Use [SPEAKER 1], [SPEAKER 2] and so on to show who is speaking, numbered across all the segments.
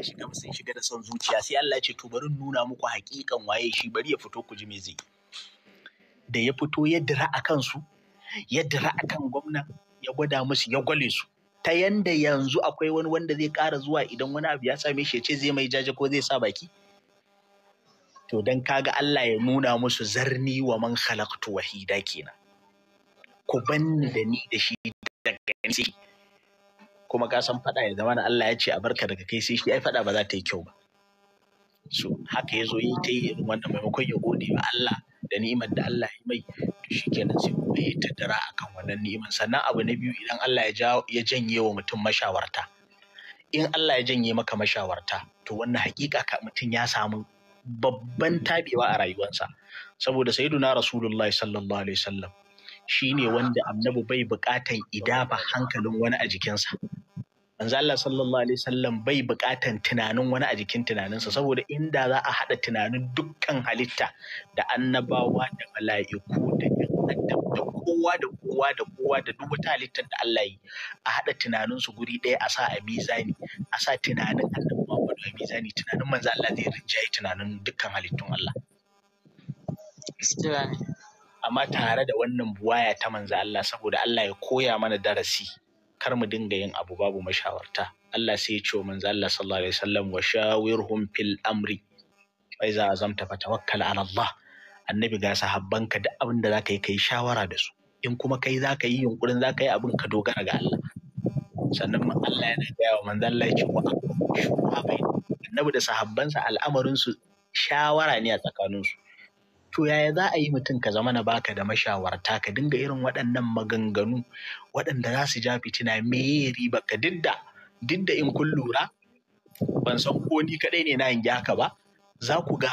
[SPEAKER 1] ka shiga ba sai shiga da son zuciya sai Allah ce to bari nuna muku hakikan waye shi bari ya fito ku ji me zai da ya fito ya dira a kansu ya dira kan gwamna ya gwada musu ya gwale su ta yanda yanzu akwai wani wanda zai ƙara zuwa idan wani abu ya same shi ya ce zai mai jaje ko zai sa baki to dan kaga Allah ya nuna musu zarni wa man khalaqtu wahida kenan ku banni da ni da shi daga ni kuma ka san faɗa ya zama na Allah ya ce a barka daga kai sai shi ai faɗa ba za ta yi kyau ba so haka ya zo yi ta yi irin wannan maimakon ya gode wa Allah da ni'imar da Allah ya mai to kenan sai kuma ya tattara akan wannan ni'imar sannan abu na biyu idan Allah ya janye wa mutum mashawarta in Allah ya janye maka mashawarta to wannan haƙiƙa ka mutum ya samu babban tabewa a rayuwarsa saboda sayyiduna rasulullahi sallallahu alaihi wasallam Shi ne wanda annabi bai buƙatan idafa hankalin wani a jikinsa manzo Allah sallallahu alaihi wasallam bai buƙatan tunanin wani a jikin tunaninsa saboda inda za a haɗa tunanin dukkan halitta da annabawa da mala'iku da adam da kowa da kowa da kowa da duk wata halittar da Allah yi a haɗa tunaninsu guri ɗaya a sa a mizani a sa tunanin annabawa da mizani tunanin manzo Allah zai rinjaye tunanin dukkan halittun Allah
[SPEAKER 2] gaskiya ne
[SPEAKER 1] amma tare da wannan buwaya ta manzo Allah saboda Allah ya koya mana darasi kar mu dinga yin abu babu mashawarta Allah sai ya ce wa manzo Allah sallallahu alaihi wasallam wa shawirhum fil amri fa iza azamta fatawakkal ala Allah annabi ga sahabbanka duk abin da zaka yi kai shawara da su in kuma kai zaka yi yunkurin zaka yi abin ka dogara ga Allah sannan Allah yana gaya wa manzo Allah ya ce wa annabi da sahabbansa al'amarin su shawara ne a tsakaninsu to yaya za a yi mutum ka zama na baka da mashawarta ka dinga irin waɗannan maganganu waɗanda za su ja fitina me riba ka didda didda in kun lura ban san ko ni kaɗai ne na yin haka ba za ku ga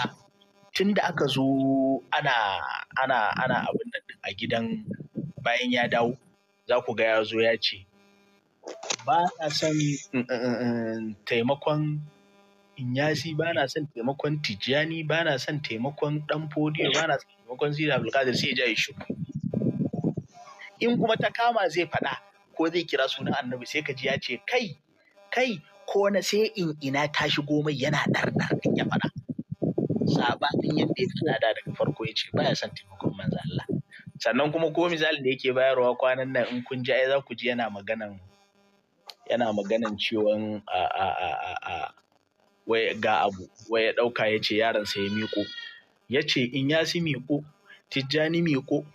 [SPEAKER 1] tun da aka zo ana ana ana abin nan a gidan bayan ya dawo za ku ga ya zo ya ce ba a san mm, mm, mm, taimakon inyasi ba na son taimakon tijjani ba na son taimakon dan fodiyo ba na son taimakon zira abdulkadir sai ya ja shi in kuma ta kama zai faɗa ko zai kira sunan annabi sai ka ji ya ce kai kai ko na sai in ina ta shigo mai yana dar din ya faɗa din yadda ya da daga farko ya ce baya son taimakon manzo Allah sannan kuma ko misalin da yake bayarwa kwanan nan in kun ji ai za ku ji yana maganan yana maganan cewa a a a a wai ga abu wai ya ɗauka ya ce yaransa ya miƙo ya ce in ya si miƙo tijjani miƙo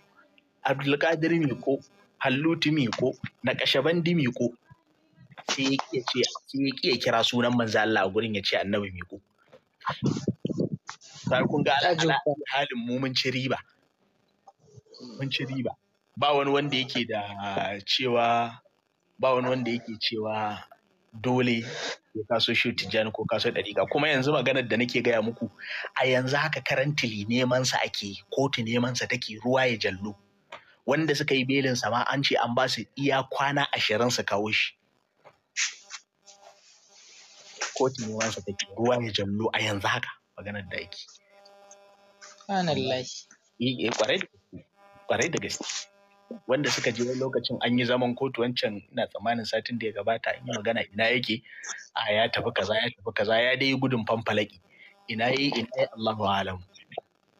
[SPEAKER 1] abdulkadir miƙo halluti miƙo na kashabandi miƙo sai ya ƙi ya kira sunan manzo Allah a gurin ya ce annabi miƙo sai kun ga halin mu mun ci riba mun ci riba ba wani wanda yake da cewa ba wani wanda yake cewa dole ko ka so shi tijjani ko ka so ɗariƙa kuma yanzu maganar da nake gaya muku a yanzu haka karantili neman sa ake kotu neman sa take ruwa ya jallo wanda suka yi belin sa ma an ce an ba su iya kwana ashirin su kawo shi kotu neman sa take ruwa ya jallo a yanzu haka maganar da ake. Kwanan lashi. Kwarai eh, eh, da gaske. wanda suka je wani lokacin an yi zaman kotu wancan ina tsammanin satin da ya gabata in magana ina yake a ya tafi kaza ya tafi kaza ya dai gudun fanfalaki ina yi ina yi Allahu alam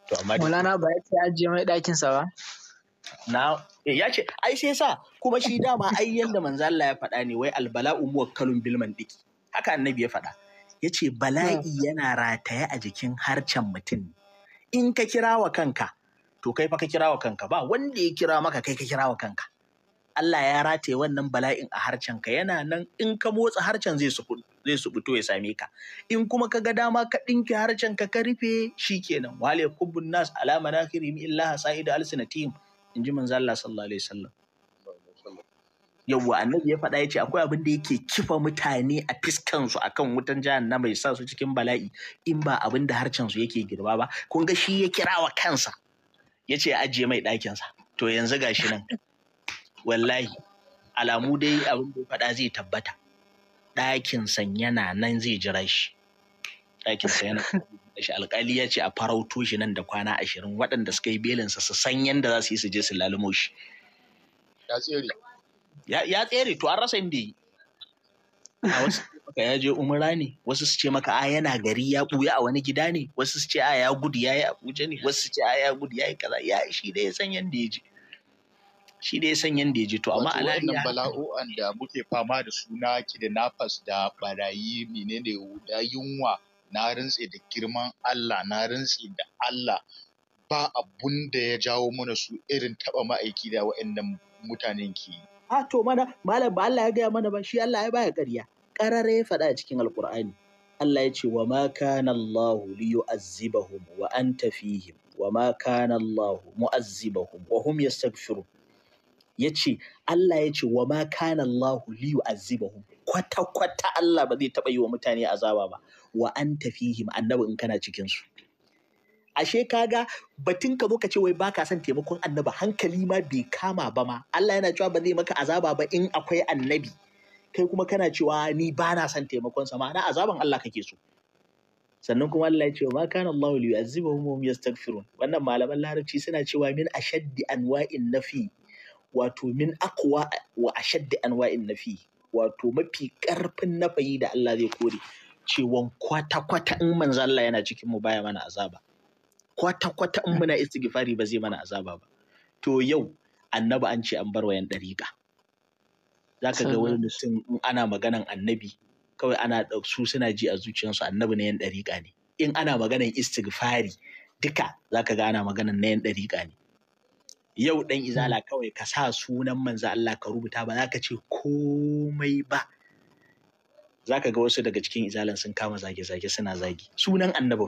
[SPEAKER 1] to amma Maulana
[SPEAKER 2] ba ya ce ajiye mai ɗakin sa ba
[SPEAKER 1] na eh, ya ce ai sai sa kuma shi dama ai yanda manzo Allah ya faɗa ne wai albala'u muwakkalun bilman diki haka annabi ya faɗa Ya ce bala'i hmm. yana rataye a jikin harcen mutum in ka kira wa kanka to kai fa ka kira wa kanka ba wanda ya kira maka kai ka kira wa kanka Allah ya rataye wannan bala'in a harcen ka yana nan in ka motsa harcen zai su zai su fito ya same ka in kuma ka ga dama ka dinki harcen ka ka rufe shikenan wale kubbun nas ala nakhiri min illa sa'ida alsinatihim inji manzo Allah sallallahu alaihi wasallam yawwa annabi ya faɗa yace ce akwai abin da yake kifa mutane a fiskansu akan wutan jahannama mai sa su cikin bala'i in ba abin da harcen su yake girba ba kun ga shi ya kirawa kansa ya ce ajiye mai ɗakinsa to yanzu ga shi nan wallahi alamu dai abin da faɗa zai tabbata ɗakinsa yana nan zai jira shi ɗakinsa yana shi alƙali ya ce a farauto shi nan da kwana ashirin waɗanda suka yi belinsa su san yadda za su yi su je su lalumo shi ya tsere to an rasa inda yi a wasu maka ya je umra ne wasu su ce maka a yana gari ya buya a wani gida ne wasu su ce a ya gudu ya yi abuja ne wasu su ce a ya gudu ya yi kaza ya shi da ya san yanda ya je shi da ya san yanda ya je to amma ala ya
[SPEAKER 3] bala'o'an da muke fama da suna kidnappers da barayi menene da yunwa na rantse da girman Allah na rantse da Allah ba abun da ya jawo mana su irin taba ma'aiki da wa'annan mutanen ke yi. A to
[SPEAKER 1] mana malam ba Allah ya gaya mana ba shi Allah ya baya ƙarya. karare ya faɗa a cikin alkur'ani Allah ya ce wa ma kana Allah li yu'azzibahum wa anta fihim wa ma kana Allah mu'azzibahum wa hum yastaghfirun yace Allah ya ce wa ma kana Allah li kwata kwata Allah ba zai taba yi wa mutane azaba ba wa anta fihim annabi in kana cikin su ashe kaga batun ka zo ka ce wai baka son taimakon annabi hankali ma bai kama ba ma Allah yana cewa ba zai maka azaba ba in akwai annabi kai kuma kana cewa ni ba na son taimakon sa ma'ana azaban Allah kake so sannan kuma Allah ya ce ma kana Allahu li yu'azibuhum wa yastaghfirun wannan malaman larabci suna cewa min ashaddi anwa'in nafi wato min aqwa wa ashaddi anwa'in nafi wato mafi karfin nafayi da Allah zai kore cewon kwata-kwata in manzo Allah yana cikin mu baya mana azaba kwata-kwata in muna istighfari ba zai mana azaba ba to yau annabi an ce an bar wayan dariqa za ka ga wani mutum in ana maganan annabi kawai ana su suna ji a zuciyarsu annabi na yan ɗariƙa ne in ana maganan istighfari duka za ka ga ana maganan na yan ɗariƙa ne yau ɗan izala hmm. kawai ka sa sunan manzo Allah ka rubuta ba za ka ce komai ba za ka ga wasu daga cikin izalan sun kama zage-zage suna zagi sunan annabi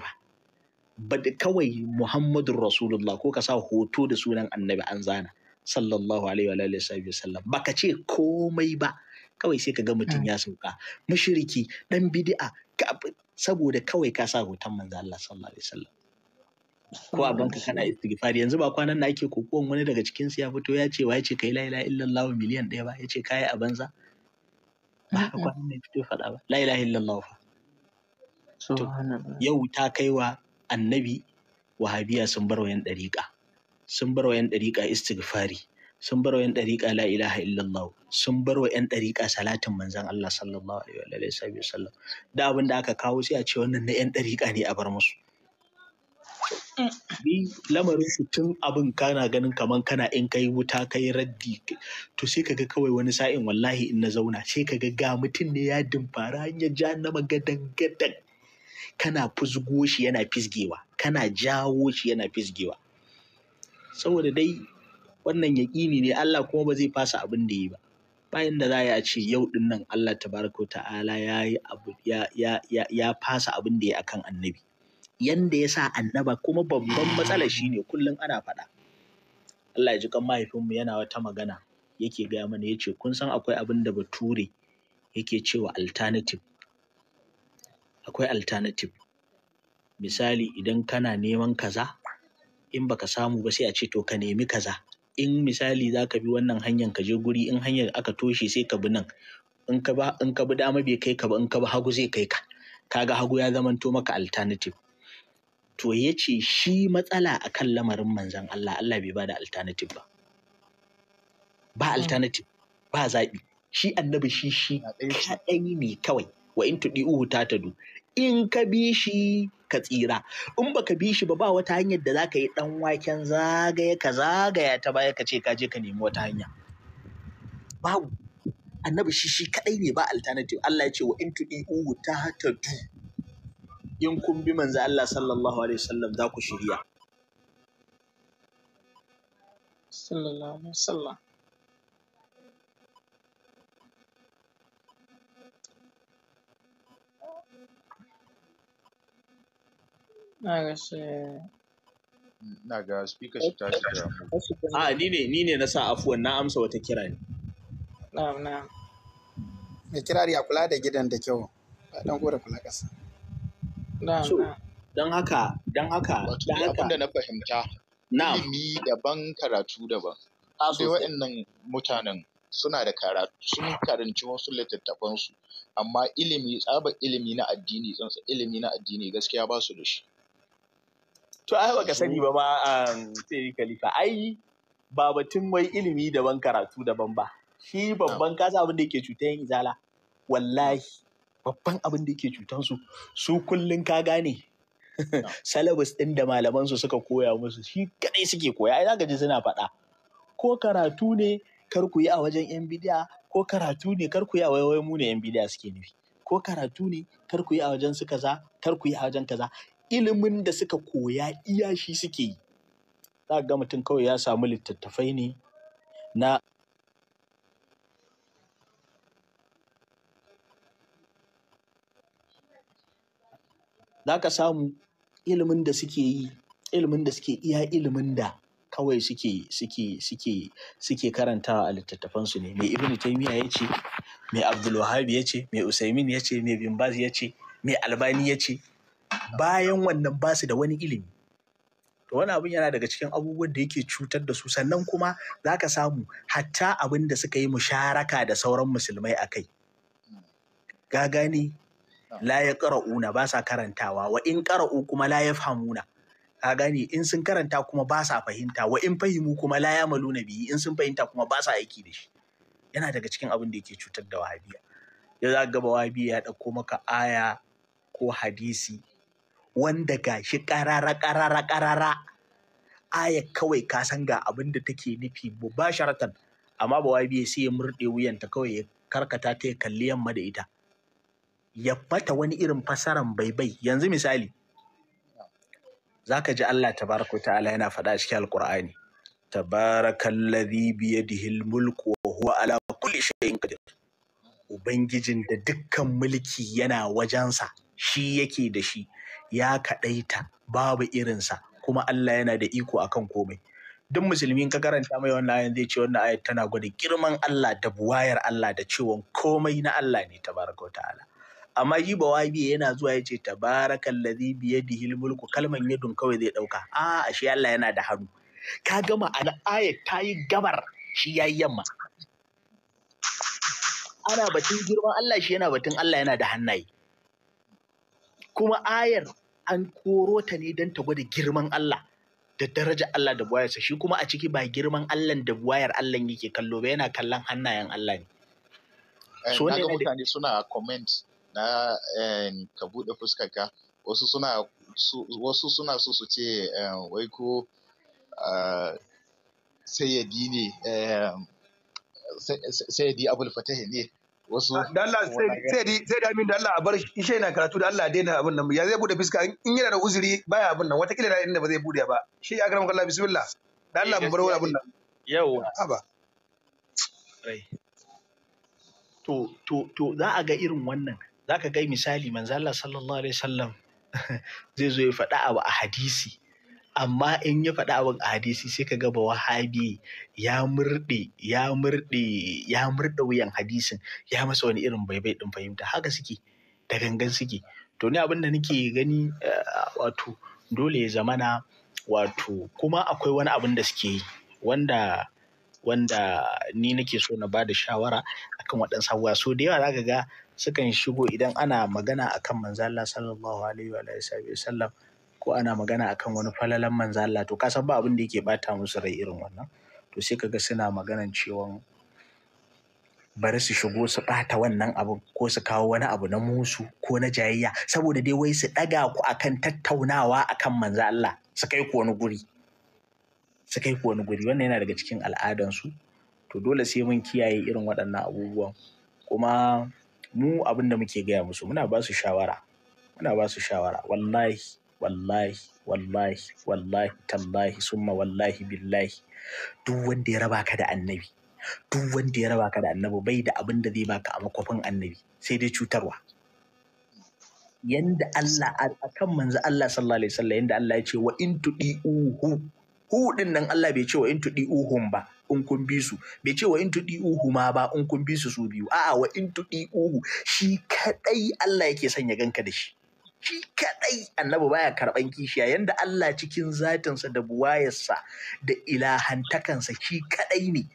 [SPEAKER 1] ba ba kawai Muhammadu rasulullah ko ka sa hoto da sunan annabi an zana sallallahu alaihi wa alihi sallam baka ce komai ba kawai sai ka ga mutum mm. ya sauka mushriki dan bid'a saboda kawai ka sa hoton manzo Allah sallallahu alaihi sallam ko a banka kana istighfar yanzu ba kwanan da ake kokon wani daga cikin su ya fito ya ce wai ce kai la ilaha illallah miliyan ɗaya ba ya ce kai a banza
[SPEAKER 2] ba haka kwanan ne
[SPEAKER 1] fito faɗa ba la ilaha illallah fa yau ta kai wa annabi wahabiya sun bar wayan ɗariƙa sun bar wa 'yan ɗariƙa istighfari sun bar wa 'yan ɗariƙa la ilaha illallah sun bar wa ɗariƙa salatin manzan Allah sallallahu alaihi wa sallam da abin da aka kawo sai a ce wannan na 'yan ɗariƙa ne a bar musu ni lamarin su tun abin kana ganin kaman kana in kai wuta kai raddi to sai kaga kawai wani sa'in wallahi in na zauna sai kaga ga mutum ne ya dimfara hanyar jahannama gadan gadan kana fusgo shi yana fisgewa kana jawo shi yana fisgewa saboda dai wannan yaƙini ne Allah kuma ba zai fasa abin da yi ba bayan da za a ce yau din nan Allah tabaraka ta'ala ya ya ya fasa abin da ya akan annabi yanda ya sa annaba kuma babban matsala shine kullum ana faɗa Allah ya ji kan mahaifinmu yana wata magana yake gaya mana yace kun san akwai abin da bature yake cewa alternative akwai alternative misali idan kana neman kaza in baka samu ba sai a ce to ka nemi kaza in misali za ka bi wannan hanyar ka je guri in hanyar aka toshe sai ka bi nan in ka bi dama bai kai ka ba in ka bi hagu zai kai ka Ka ga hagu ya zamanto maka alternative to ya ce shi matsala a kan lamarin manzan Allah Allah bai ba da alternative ba ba hmm. alternative ba zaɓi shi annabi shi shi kaɗai ne kawai wa in tuɗi uhu ta tadu in ka bi shi ka tsira in baka bi shi ba ba wata hanyar da zaka yi ɗan waken zagaya ka zagaya ta baya ka ce ka je ka nemi wata hanya babu annabi shi shi kadai ne ba alternative Allah ya ce wa in ta ta du in kun bi manzo Allah sallallahu alaihi wasallam za ku shirya
[SPEAKER 2] sallallahu alaihi wasallam
[SPEAKER 3] Na ga shi.
[SPEAKER 1] speaker shi ta shiga. A ni ne ni ne na sa afuwan na amsa wata kira ne. Na'am na'am.
[SPEAKER 4] Mai kirari a kula da gidan da kyau. Ba dan gore kula kasa.
[SPEAKER 3] Na'am na'am. Don haka, don haka, don haka. Abin da na fahimta, ilimi daban karatu daban. Sai waɗannan mutanen suna da karatu sun karanci wasu littattafansu amma ilimi tsaba ilimi na addini tsantsa ilimi na addini gaskiya ba su da shi
[SPEAKER 1] to ai baka sani ba ma um, sai khalifa ai ba batun wai ilimi daban karatu daban ba shi babban kasa abin da yake cutar yin izala wallahi babban abin da yake cutar su su kullun ka gane salabus ɗin da malaman su suka koya musu shi kadai suke koya ai zaka ji suna faɗa ko karatu ne kar ku yi a wajen yan bidiya ko karatu ne kar ku yi a wayoyin mu ne yan bidiya suke nufi ko karatu ne kar ku yi a wajen su kaza kar ku yi a wajen kaza ilimin da suka koya iya shi suke yi. Za ga mutum kawai ya samu littattafai ne na Za ka samu ilimin da suke yi, ilimin da suke iya ilimin da kawai suke suke suke suke karantawa a littattafansu ne. mai Ibn taimiyya ya ce, mai Abdul Wahhab ya ce, mai Usaimin ya ce, mai Bin ya ce, mai Albani ya ce. bayan wannan ba su da wani ilimi to wani abin yana daga cikin abubuwan da yake cutar da su sannan kuma za ka samu hatta abin da suka yi musharaka da sauran musulmai a kai gagani la ya ƙara'una ba sa karantawa wa in ƙara'u kuma la ya fahamuna ka gane in sun karanta kuma ba sa fahimta wa in fahimu kuma la ya maluna biyi in sun fahimta kuma ba sa aiki da shi yana daga cikin abin da yake cutar da wahabiya yau za ka gaba wahabiya ya ɗauko maka aya ko hadisi wanda gashi ƙarara ƙarara ƙarara aya kawai ka san ga abin da take nufi mubasharatan amma ba wai sai ya murɗe wuyanta kawai ya karkata ta ya kalli yamma da ita ya bata wani irin fasaran baibai yanzu misali zaka ji Allah tabaraka ta'ala yana faɗa a cikin alqur'ani bi yadihi almulku wa huwa ala kulli shay'in qadir ubangijin da dukkan mulki yana wajensa shi yake da shi ya kaɗaita babu irinsa kuma Allah yana da iko akan komai duk musulmi ka karanta mai wannan ayan zai ce wannan ayat tana gwada girman Allah da buwayar Allah da cewa komai na Allah ne tabaraka ta'ala amma yi biye yana zuwa ya ce tabarakal ladhi biyadihi mulku kalman yadun kawai zai ɗauka a ashe Allah yana da hannu ka gama an ayat ta yi gabar shi ya yi yamma ana batun girman Allah shi yana batun Allah yana da hannaye kuma ayar an koro ta ne don ta gwada girman Allah da daraja Allah da buwayarsa shi kuma a ciki ba girman Allah da buwayar Allah yake kallo ba yana kallon hannayen Allah ne.
[SPEAKER 3] Eh, so ne mutane suna comment na eh, ka bude fuskar ka wasu suna so su ce eh, wai ko ah, sayyadi ne sayyadi abul fatahi ne wasu da Allah sai
[SPEAKER 4] da amin da Allah a bar ishe na karatu da Allah daina abin nan ya zai bude fiska in yana da uzuri baya abin nan watakila da inda ba zai bude ba shi ya garam Allah bismillah
[SPEAKER 1] da Allah mu bar wani abin nan yawa haba to to to za a ga irin wannan za ka ga misali manzo Allah sallallahu alaihi wasallam zai zo ya faɗa abu a hadisi amma in ya faɗa abin a hadisi sai ka gaba wahabi ya murɗe ya murɗe ya murɗe wuyan hadisin ya masa wani irin baibai ɗin fahimta haka suke da gangan suke to ni abin da nake gani eh, wato dole ya zamana wato kuma akwai wani abin da suke yi wanda wanda ni nake so na ba da shawara akan waɗansu abubuwa so da yawa zaka ga sukan shigo idan ana magana akan manzo Allah sallallahu alaihi wa sallam ko ana magana akan wani falalan manzo Allah to ka san ba abin da yake bata musu rai irin wannan to sai kaga suna maganan cewa bari su shigo su bata wannan abin ko su kawo wani abu na musu ko na jayayya saboda dai wai su ɗaga ku akan tattaunawa akan manzo Allah su kai ku wani guri su kai ku wani guri wannan yana daga cikin al'adansu to dole sai mun kiyaye irin waɗannan abubuwan kuma mu abin da muke gaya musu muna ba su shawara muna ba su shawara wallahi wallahi wallahi wallahi tallahi summa wallahi billahi duk wanda ya raba ka da annabi duk wanda ya raba ka da annabi bai da abin da zai baka a makwafin annabi sai dai cutarwa yanda Allah a kan manzo Allah sallallahu alaihi wasallam yanda Allah ya ce wa in tudiuhu hu din nan Allah bai ce wa in tudiuhum ba in kun bi su bai ce wa in tudiuhu ma ba in kun bi su su biyu a'a wa in tudiuhu shi kadai Allah yake sanya ya ganka da shi shi kadai annabi baya karban kishiya yanda Allah cikin zatinsa da buwayarsa da ilahantakansa shi kadai ne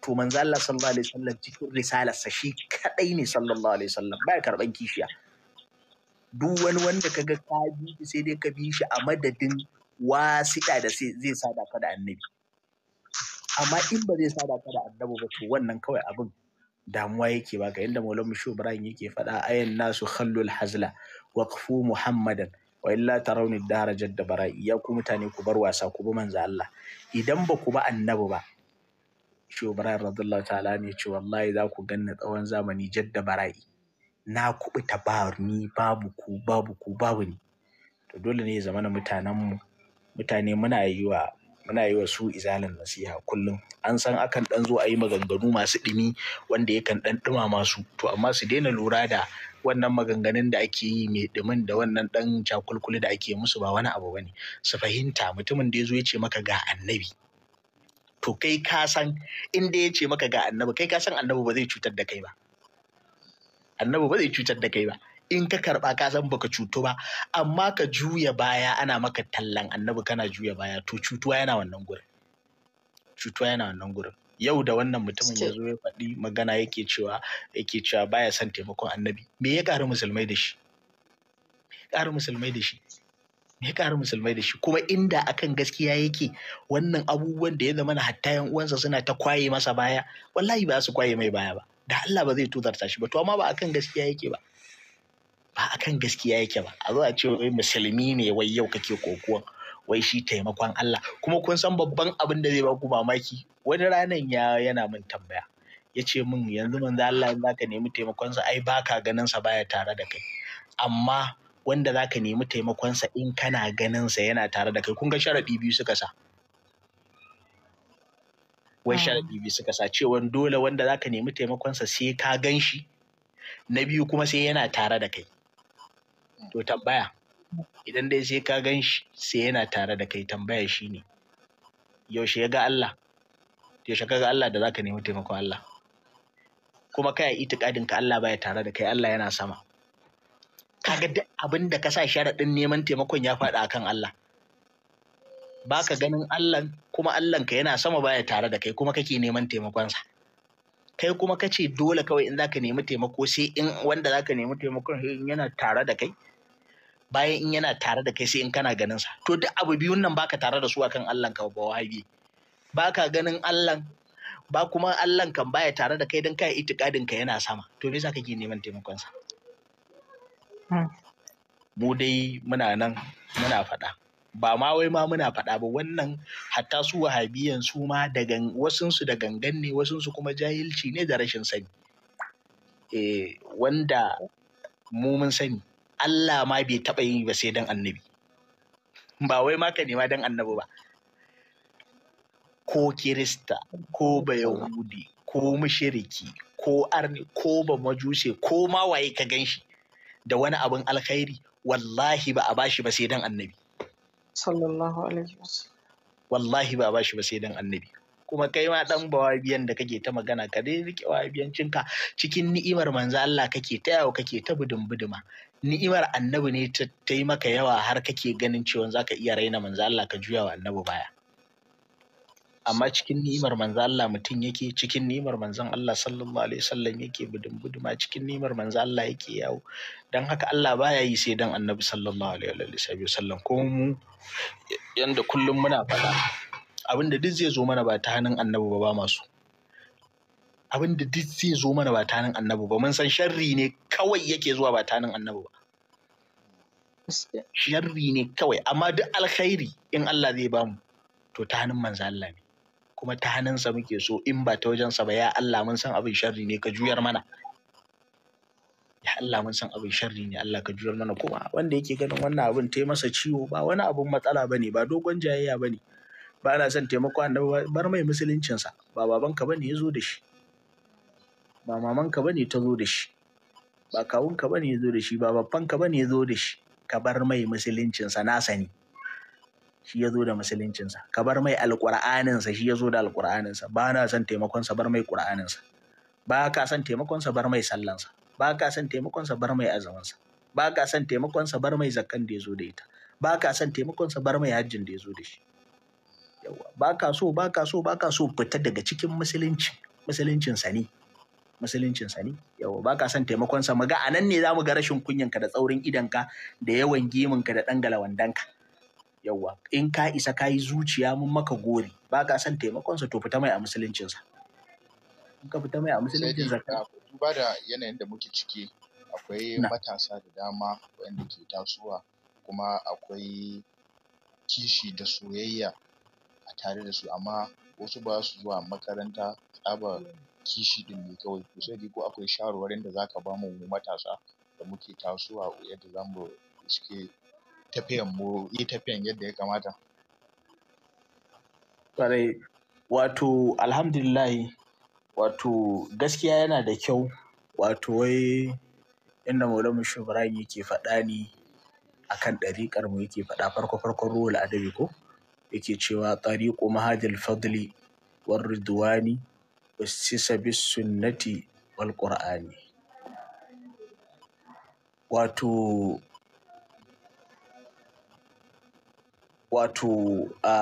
[SPEAKER 1] to manzo Allah sallallahu alaihi wasallam cikin risalarsa shi kadai ne sallallahu alaihi wasallam baya karban kishiya duk wani wanda kaga ka bi sai dai ka bi shi a madadin wasiƙa da zai sada ka da annabi amma in ba zai sada ka da annabi ba to wannan kawai abin damuwa yake baka inda maulan mushu ibrahim yake faɗa ayan nasu khallul hazla waqfu muhammadan wa illa tarawni dara jadda bara'i ya ku mutane ku bar wasa ku bi manzo Allah idan ba ku ba annabi ba shi ibrahim radiyallahu ta'ala ne ce wallahi za ku ganna tsawon zamani jadda bara'i na kubuta ba ni babu ku babu ku babu ni to dole ne ya zama mutanen mu mutane muna yi wa muna yi wa su izalin nasiha kullum an san akan ɗan zo a yi maganganu masu ɗumi wanda yakan ɗan ɗumama su to amma su daina lura da wannan maganganun da ake yi mai ɗumin da wannan ɗan cakulkuli da ake musu ba wani abu bane su fahimta mutumin da yazo zo ya ce maka ga annabi to kai ka san inda yace maka ga annabi kai ka san annabi ba zai cutar da kai ba annabi ba zai cutar da kai ba in ka karba ka san baka cutu ba amma ka juya baya ana maka tallan annabi kana juya baya to cutuwa yana wannan gurin cutuwa yana wannan gurin yau da wannan mutumin ya zo ya faɗi magana yake cewa yake cewa baya son taimakon annabi me ya ƙara musulmai da shi ƙara musulmai da shi me ya ƙara musulmai da shi kuma inda akan gaskiya yake wannan abubuwan da ya zama na hatta yan uwansa suna ta kwaye masa baya wallahi ba su kwaye mai baya ba da Allah ba zai tuzarta shi ba to amma ba akan gaskiya yake ba ba akan gaskiya yake ba a zo a ce wai musulmi ne wai yau kake kokuwa wai shi taimakon Allah kuma kun san babban abin da zai baku mamaki wani ranan ya yana min tambaya ya ce min yanzu za Allah za zaka nemi taimakonsa ai baka ganinsa sa baya tare da kai amma wanda za ka nemi taimakonsa in kana ganin sa yana tare da kai kun ga sharadi biyu suka sa wai mm. sharadi biyu suka sa cewa dole wanda za ka nemi taimakonsa sai ka gan shi na biyu kuma sai yana tare da kai to tambaya idan dai sai ka gan shi sai yana tare da kai tambaya shi ne yaushe ya ga Allah yaushe ka ga Allah da zaka nemi taimakon Allah kuma kai a itikadin ka Allah baya tare da kai Allah yana sama kaga duk abin da ka sa ɗin neman taimakon ya faɗa akan Allah baka ganin Allah kuma Allah ka yana sama baya tare da kai kuma kake neman taimakonsa kai kuma kace dole kawai in zaka nemi taimako sai in wanda zaka nemi taimakon yana tare da kai bayan in yana tare da kai sai in kana ganin sa to duk abu biyun nan baka tare da su akan Allah ka ba wahabi baka ganin Allah ba kuma Allah kan baya tare da kai don kai itikadin ka yana sama to me yasa kake neman taimakon sa hmm. mu dai muna nan muna faɗa ba ma wai ma muna faɗa ba wannan hatta su wahabiyan su ma da su da gangan ne su kuma jahilci ne da rashin sani eh wanda mu mun sani Allah ma bai taɓa yi ba sai dan annabi ba wai ma ka nema dan annabi ba ko kirista ko bayahudi ko mushiriki ko arni ko ba majuse ko ma waye ka gan shi da wani abin alkhairi wallahi ba a bashi ba sai dan annabi
[SPEAKER 2] sallallahu alaihi
[SPEAKER 1] wallahi ba a bashi ba sai dan annabi kuma kai ma dan bawabiyan da kake ta magana ka dai rike wabiyancinka cikin ni'imar manzo Allah kake ta yawo kake ta budun buduma ni'imar annabi ne ta yi maka yawa har kake ganin cewa za ka iya raina manzo Allah ka juya wa annabi baya amma cikin ni'imar manzo Allah mutum yake cikin ni'imar manzon Allah sallallahu alaihi wasallam yake budin buduma cikin ni'imar manzo Allah yake yawo dan haka Allah baya yi sai dan annabi sallallahu alaihi wasallam ko mu yanda kullum muna faɗa abinda duk zai zo mana ba ta hannun annabi ba ba masu abin da duk zai zo mana ba tanin annabi ba mun san sharri ne kawai yake zuwa ba tanin annabi ba sharri ne kawai amma duk alkhairi in Allah zai bamu to ta hannun manzo Allah ne kuma ta hannunsa muke so in ba ta wajensa ba ya Allah mun san abin sharri ne ka juyar mana ya Allah mun san abin sharri ne Allah ka juyar mana kuma wanda yake ganin wannan abin tai masa ciwo ba wani abin matsala bane ba dogon jayayya bane ba ana son taimako annabi bar mai musuluncinsa ba babanka bane ya zo da shi ba mamanka bane ta zo da shi, ba kawunka bane ya zo da shi, ba ba bane ya zo da shi. Ka bar mai musuluncinsa na Sani Shi ya zo da musuluncinsa. Ka bar mai Alƙur'aninsa shi ya zo da Alƙur'aninsa. Ba na son taimakonsa bar mai Ƙur'aninsa. Ba ka son taimakonsa bar mai sallansa. Ba ka son taimakonsa bar mai azamansa. Ba ka son taimakonsa bar mai zakkan da ya zo da ita. Ba ka son taimakonsa bar mai hajjin da ya zo da shi. Yawwa ba ka so ba ka so ba ka so fita daga cikin musulunci musuluncinsa ne. musuluncinsa ne yawa ba ka son taimakonsa mu ga a nan ne za mu ga rashin kunyanka da tsaurin idanka da yawan giminka da ɗangala wandanka yawa in ka isa ka yi zuciya mun maka gori ba ka son taimakonsa to fita mai a musuluncinsa in ka fita mai a musuluncinsa ka ah,
[SPEAKER 3] duba da yanayin da muke ciki akwai matasa da dama wanda ke tasowa kuma akwai kishi da soyayya a tare da su amma wasu ba su zuwa makaranta tsaba kishi ɗin ne kawai to sai dai ko akwai shawarwarin da zaka bamu mu matasa da muke tasowa yadda zamu suke tafiyan mu yi tafiyan yadda ya kamata
[SPEAKER 1] ƙwarai wato alhamdulillahi wato gaskiya yana da kyau wato wai inda Maulana Shehu Ibrahim yake faɗa ne akan ɗariƙar mu yake faɗa farko farkon ruhul adabi ko yake cewa ɗariqu mahadil fadli war ridwani usisa bi sunnati wal qur'ani wato wato a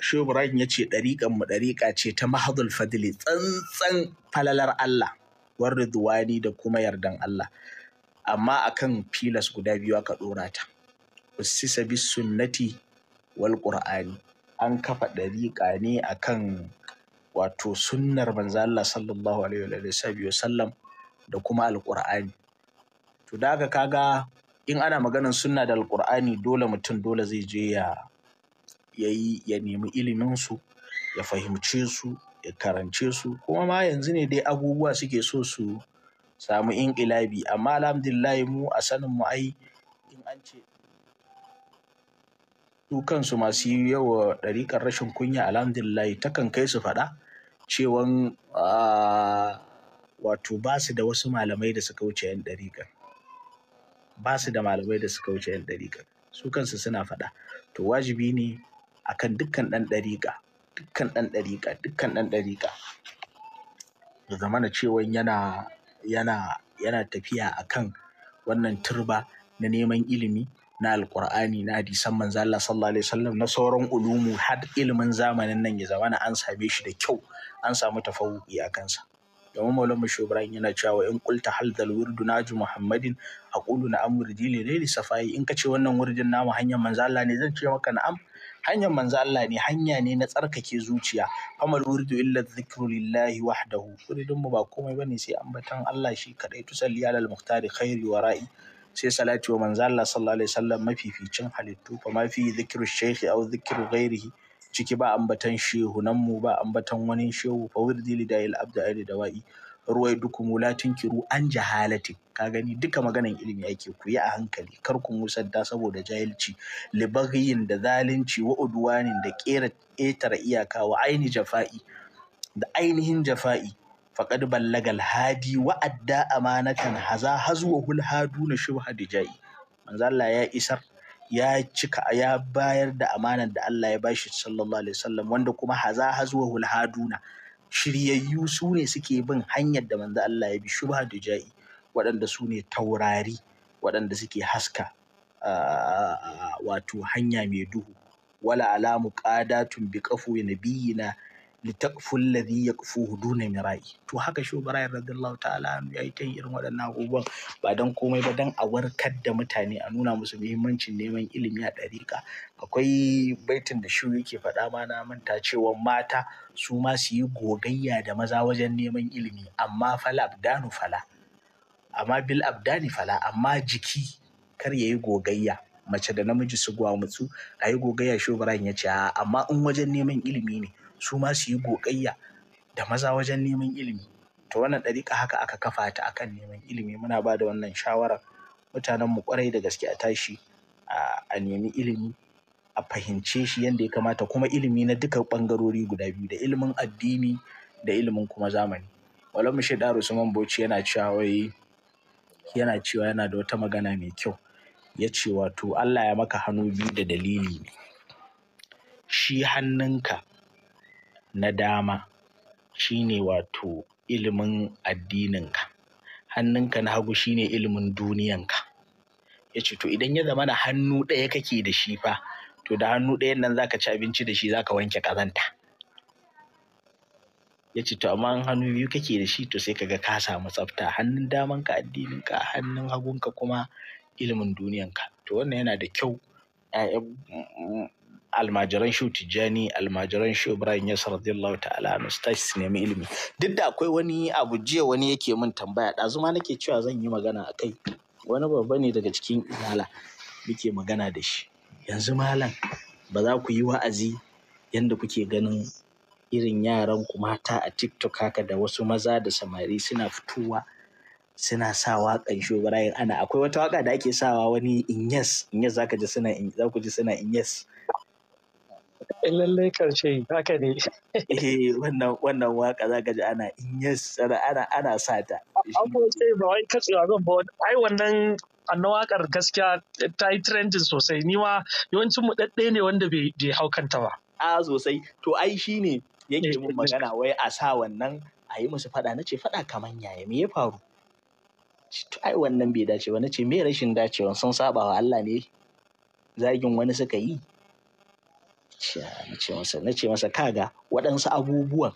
[SPEAKER 1] Shehu Ibrahim ya ce ɗariƙan mu ɗariƙa ce ta mahadul Fadli, tsantsan falalar Allah war ridwani da kuma yardan Allah amma akan filas guda biyu aka ɗora ta usisa bi sunnati wal qur'ani an kafa ɗariƙa ne akan wato sunnar manzo Allah sallallahu alaihi wa sallam da kuma alqur'ani to da haka kaga in ana maganar sunna da alqur'ani dole mutum dole zai je ya yayi ya nemi ilimin su ya fahimce su ya karance su kuma ma yanzu ne dai abubuwa suke so su samu inqilabi amma alhamdulillah mu a sanin mu ai in an ce su kansu masu yi yawa dariƙar rashin kunya alhamdulillah kan kai su faɗa cewan wato ba su da wasu malamai da suka wuce 'yan ɗariƙar ba su da malamai da suka wuce 'yan ɗariƙar su kansu suna faɗa to wajibi ne akan dukkan ɗan ɗariƙa dukkan ɗan ɗariƙa dukkan ɗan ɗariƙa ya zamana cewan yana yana yana tafiya akan wannan turba na neman ilimi na alkur'ani na hadisan manzo Allah sallallahu alaihi wasallam na sauran ulumu har ilimin zamanin nan ya zama na an same shi da kyau an samu tafawuki a kansa domin maulama shubran yana cewa in qulta hal dal wirdu naji muhammadin aqulu na amr dili laili safai in kace wannan wurdin namu hanyar manzo Allah ne zan ce maka na'am hanyar manzo Allah ne hanya ne na tsarkake zuciya amal wurdu illa dhikru lillahi wahdahu wuridin mu ba komai bane sai ambatan Allah shi kadai tusalli alal muhtari khairi wara'i sai salati wa manzalla Allah sallallahu alaihi wasallam mafificin halittu fa ma fi dhikru shaykhi aw dhikru ghairihi ciki ba ambatan shehu nan mu ba ambatan wani shehu fa wirdi lidayil abda ali dawai ruwai duku mulatin kiru an jahalati ka gani duka maganan ilimi ake ku yi a hankali kar ku musadda saboda jahilci libaghiyin da zalunci wa udwanin da kera ƙetare iyaka wa aini jafa'i da ainihin jafa'i faqad ballagal hadi wa amanatan haza hazuwa, hul na shu hadijai manzo Allah ya isar ya cika ya bayar da amanar da Allah ya bashi sallallahu alaihi wasallam wanda kuma haza hazuwa, hul haduna shiryayyu su ne suke bin hanyar da manzo Allah ya bi shubha hadijai waɗanda sune taurari waɗanda suke haska wato hanya mai duhu wala alamu qadatun bi qafu nabiyina litakful ladhi yakfuhu duna mira'i to haka shugaba radiyallahu ta'ala ya yi ta irin waɗannan abubuwan ba dan komai ba dan a warkar da mutane a nuna musu muhimmancin neman ilimi a ɗariƙa akwai baitin da shu yake faɗa ma na manta cewa mata su ma su yi gogayya da maza wajen neman ilimi amma fala abdanu fala amma bil abdani fala amma jiki kar ya yi gogayya mace da namiji su gwamutsu a yi gogayya shugaba ya ce amma in wajen neman ilimi ne su ma su yi gogayya da maza wajen neman ilimi. To wannan ɗariƙa haka aka kafa ta akan neman ilimi. Muna ba da wannan shawarar mutanen mu ƙwarai da gaske a tashi a nemi ilimi, a fahimce shi yadda ya kamata kuma ilimi na duka ɓangarori guda biyu, da ilimin addini da ilimin kuma zamani. walau mu shaidar Usman Bauchi yana cewa yana cewa yana da wata magana mai kyau. Ya ce wato Allah ya maka hannu biyu da dalili ne. Shi hannunka na dama shine wato ilimin addininka hannunka na hagu shine ilimin duniyanka ya ce to idan ya zama na hannu ɗaya kake da shi fa to da hannu ɗayan nan zaka ci abinci da shi zaka wanke ƙazanta ya ce to amma hannu biyu kake da shi to sai kaga ka samu tsafta hannun damanka addininka hannun hagunka kuma ilimin duniyanka to wannan yana da kyau almajiran shu tijjani almajiran shu ibrahim yasar allahu ta'ala na stashi su nemi ilimi duk da akwai wani abu jiya wani yake min tambaya ɗazuma nake cewa zan yi magana a kai wani babba ne daga cikin ilala muke magana da shi yanzu malam ba za ku yi wa'azi yadda kuke ganin irin yaran ku mata a tiktok haka da wasu maza da samari suna fitowa suna sa waƙan shugarayin ana akwai wata waƙa da ake sawa wani in yes in yes zaka ji suna in ku suna in yes In eh, lallai karshe haka ne eh wannan wannan waka ka ji ana in yes ana ana sata abu sai ba wai katsewa zan ba ai wannan annan wakar gaskiya ta yi trending sosai ni ma yawancin mu dadde ne wanda bai hau kanta ba a sosai to ai shine yake eh, mun magana wai a sa wannan a yi musu fada nace fada kaman yaya me ya faru ai wannan bai dace ba nace me rashin dacewa sun saba wa Allah ne zagin wani suka yi na ce masa kaga waɗansu abubuwan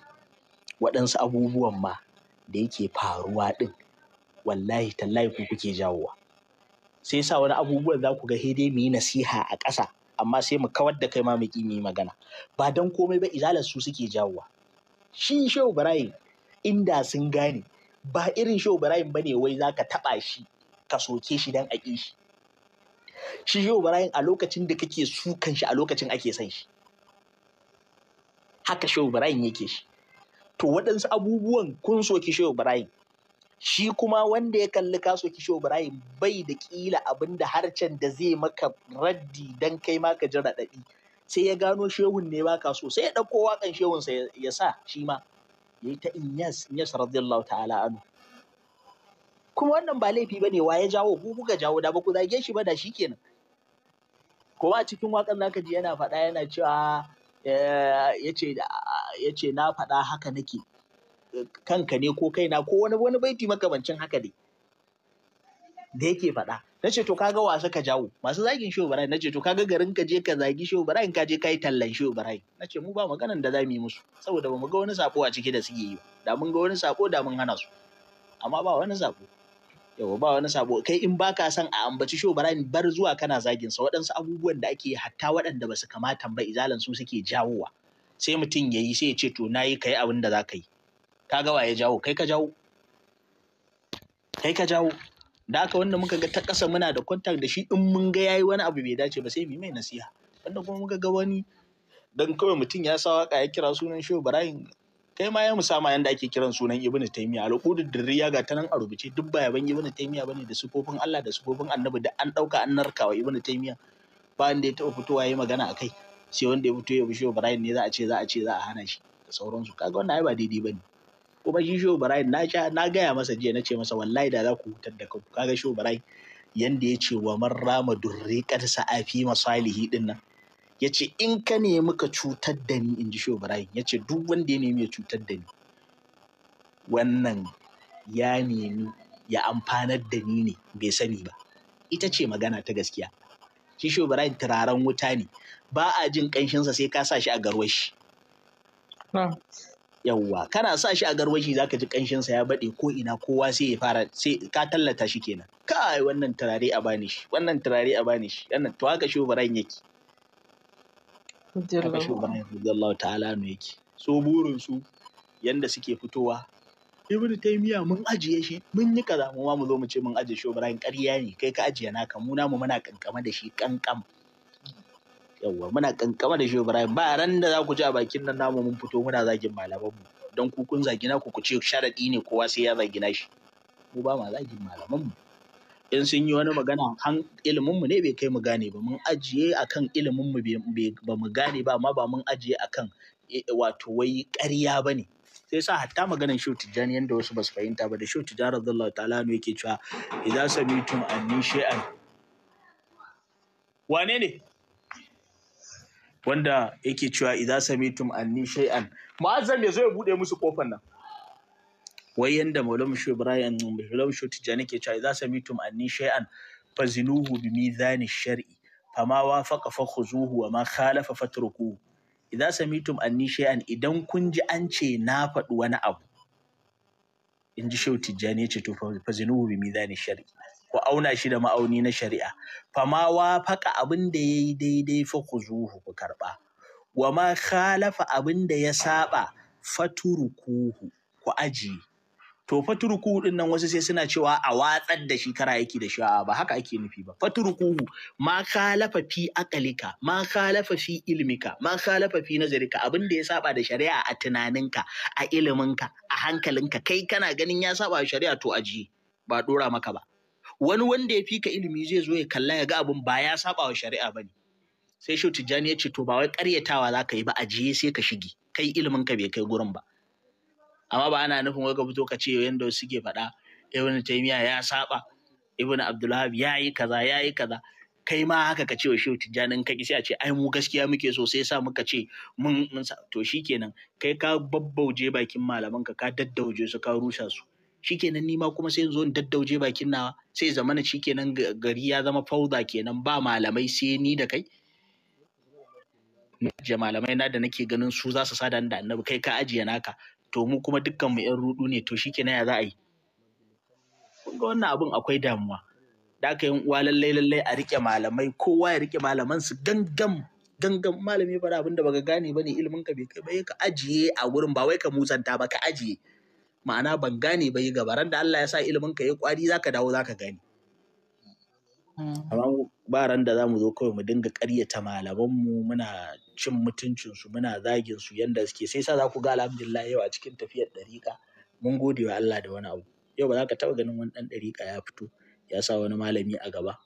[SPEAKER 1] waɗansu abubuwan ma da yake faruwa ɗin wallahi tallahi ku kuke jawowa sai sa wani abubuwan za ku ga dai mu yi nasiha a ƙasa amma sai mu kawar da kai ma mu yi magana ba don komai ba izalar su suke jawowa shi shehu ibrahim inda sun gane ba irin shehu ba ne wai za ka taɓa shi ka soke shi don a ƙi shi shi shehu ibrahim a lokacin da kake sukan shi a lokacin ake son shi haka shi ibrahim yake shi to waɗansu abubuwan kun soki shi ibrahim shi kuma wanda ya kalli ka kaso kisho Ibrahim bai da kila abin da harcen da zai maka raddi dan kai maka ka ji raɗaɗi sai ya gano shehun ne baka so sai ya ɗauko waƙan shehunsa ya sa shi ma ya yi ta inyas yas radiyallahu ta'ala anu kuma wannan ba laifi ba bane wa ya jawo ku kuka jawo da ba ku zage shi ba da shi kenan. kuma a cikin wakan zaka ji yana faɗa yana cewa eh, yace yace na faɗa haka nake kanka ne ko kaina ko wani wani baiti makamancin haka ne da yake faɗa na ce to kaga wasu ka jawo masu zagin shi ibrahim na ce to kaga garin ka je ka zagi shi ka je ka tallan shi ibrahim na ce mu ba maganan da za mu yi musu saboda ba mu ga wani sako a ciki da suke yi da mun ga wani sako da mun hana su amma ba wani sako yawa ba wani sabo kai in baka san a ambaci show ni bar zuwa kana zagin sa waɗansu abubuwan da ake hatta waɗanda ba su kamata ba izalan su suke jawowa sai mutum ya yi sai ya ce to nayi kai abin da za yi kaga wa ya jawo kai ka jawo kai ka jawo da haka wanda muka ga ta ƙasa muna da contact da shi in mun ga yayi wani abu bai dace ba sai mu mai nasiha wanda kuma muka ga wani dan kawai mutum ya sa waka ya kira sunan show Ibrahim kai ma ya musama yanda ake kiran sunan ibnu taymiya alqudud dirriya ga tanan a rubuce duk ba yaban ibnu taymiya bane da sufofin Allah da sufofin annabi da an dauka an narka wa ibnu taymiya ba wanda ya taba fitowa yayi magana akai sai wanda ya fito ya bi Ibrahim ne za a ce za a ce za a hana shi da sauransu kaga wannan ai ba daidai bane kuma shi shehu Ibrahim na sha na gaya masa jiya na ce masa wallahi da za ku hutar da kanku kaga shehu Ibrahim yanda ya ce wa man rama durri qad sa'afi masalihi dinnan ya ce in ka nemi ka cutar da ni in ji shi ya ce duk wanda ya nemi ya cutar da ni wannan ya nemi ya amfanar da ni ne bai sani ba ita ce magana ta gaskiya shi shi turaren wuta ne ba a jin ƙanshinsa sai ka sa shi a garwashi yawwa kana sa shi a garwashi zaka ji ƙanshinsa ya baɗe ko ina kowa sai ya fara sai ka tallata shi kenan kai wannan turare a bani shi wannan turare a bani shi wannan to haka shi Ibrahim yake haka shi radiyallahu ta'ala ne yake so burin su yanda suke fitowa Ibn Taymiya mun ajiye shi mun yi kaza mu ma mu zo mu ce mun ajiye shi Ibrahim ƙarya ne kai ka ajiye naka mu namu muna kankama da shi kankam yawwa muna kankama da shi Ibrahim ba ran da za ku ji a bakin nan namu mun fito muna zagin malaman mu don ku kun zagina ku, ku ce sharadi ne kowa sai ya zagina shi. mu ba ma zagin malaman mu in sun yi wani magana han ilimin mu ne bai kai mu gane ba mun ajiye akan ilimin mu ba mu gane ba amma ba mun ajiye akan e, wato wai ƙarya ba ne sai sa hatta maganar shehu tijjani yadda wasu ba fahimta ba da shehu tijjani radiyallahu ta'ala ne yake cewa idan samitum anni shay'an wane ne wanda yake cewa idan samitum anni shay'an mu'azzam ya zo ya bude musu kofar nan wai yanda maulama shu ibrahim maulama shu tijjani ke cewa an samitum anni shay'an fazinuhu bi mizani shar'i fama wafaqa fakhuzuhu wa ma khalafa fatruku idza samitum anni shay'an idan kun ji an ce na faɗi wani abu in ji shehu tijjani ya ce to zinuhu bi mizani shar'i ku auna shi da ma'auni na shari'a fama wafaqa abin da yayi daidai fa khuzuhu ku karba wa ma khalafa abin da ya saba faturukuhu ku ajiye to faturuku din nan wasu sai suna cewa a watsar da shi yake da sha'a ba haka ake nufi ba Faturuku ma kalafa fi akalika ma kalafa fi ilmika ma kalafa fi nazarika abin da ya saba da shari'a a tunaninka a iliminka a hankalinka kai kana ganin ya saba da shari'a to aji ba dora maka ba wani wanda ya fika ilimi zai zo ya kalla ya ga abin ba ya saba wa shari'a ba ne sai shi tijjani ya ce to ba wai karyatawa za ka yi ba ajiye sai ka shige kai iliminka bai kai gurin ba amma ba ana nufin wai ka fito ka ce yadda suke faɗa ibn taymiya ya saba ibn abdullahi ya yi kaza ya yi kaza kai ma haka ka ce wa shehu tijjanin ka sai a ce ai mu gaskiya muke so sai sa muka ce mun mun sa, to shikenan kai ka babbauje bakin malaman ka ka daddauje su ka rusa su shikenan ni ma kuma sai zo in daddauje bakin nawa sai zamana shikenan gari ya zama fauda kenan ba malamai sai ni da kai je malamai na da nake ganin su za su sada da annabi kai ka ajiye naka to mu kuma dukkanmu 'yan ruɗu ne to shikenan ya za a yi kun ga wannan abin akwai damuwa da aka yi uwa lallai lallai a rike malamai kowa ya rike malaman su gangam gangan malami fara abin da baka gane ba ne ilimin ka bai kai ba ka ajiye a gurin ba wai ka musanta ba ka ajiye ma'ana ban gane ba yi ran da Allah ya sa ilimin ka ya kwari zaka dawo zaka gane hmm. ba ran da za mu zo kawai mu dinga ƙaryata malamanmu muna cin mutuncinsu muna zagin su yanda suke sai sa za ku ga alhamdulillah yau a cikin tafiyar ɗariƙa mun gode wa Allah da wani abu yau ba za ka taɓa ganin wani ɗan ɗariƙa ya fito ya sa wani malami a gaba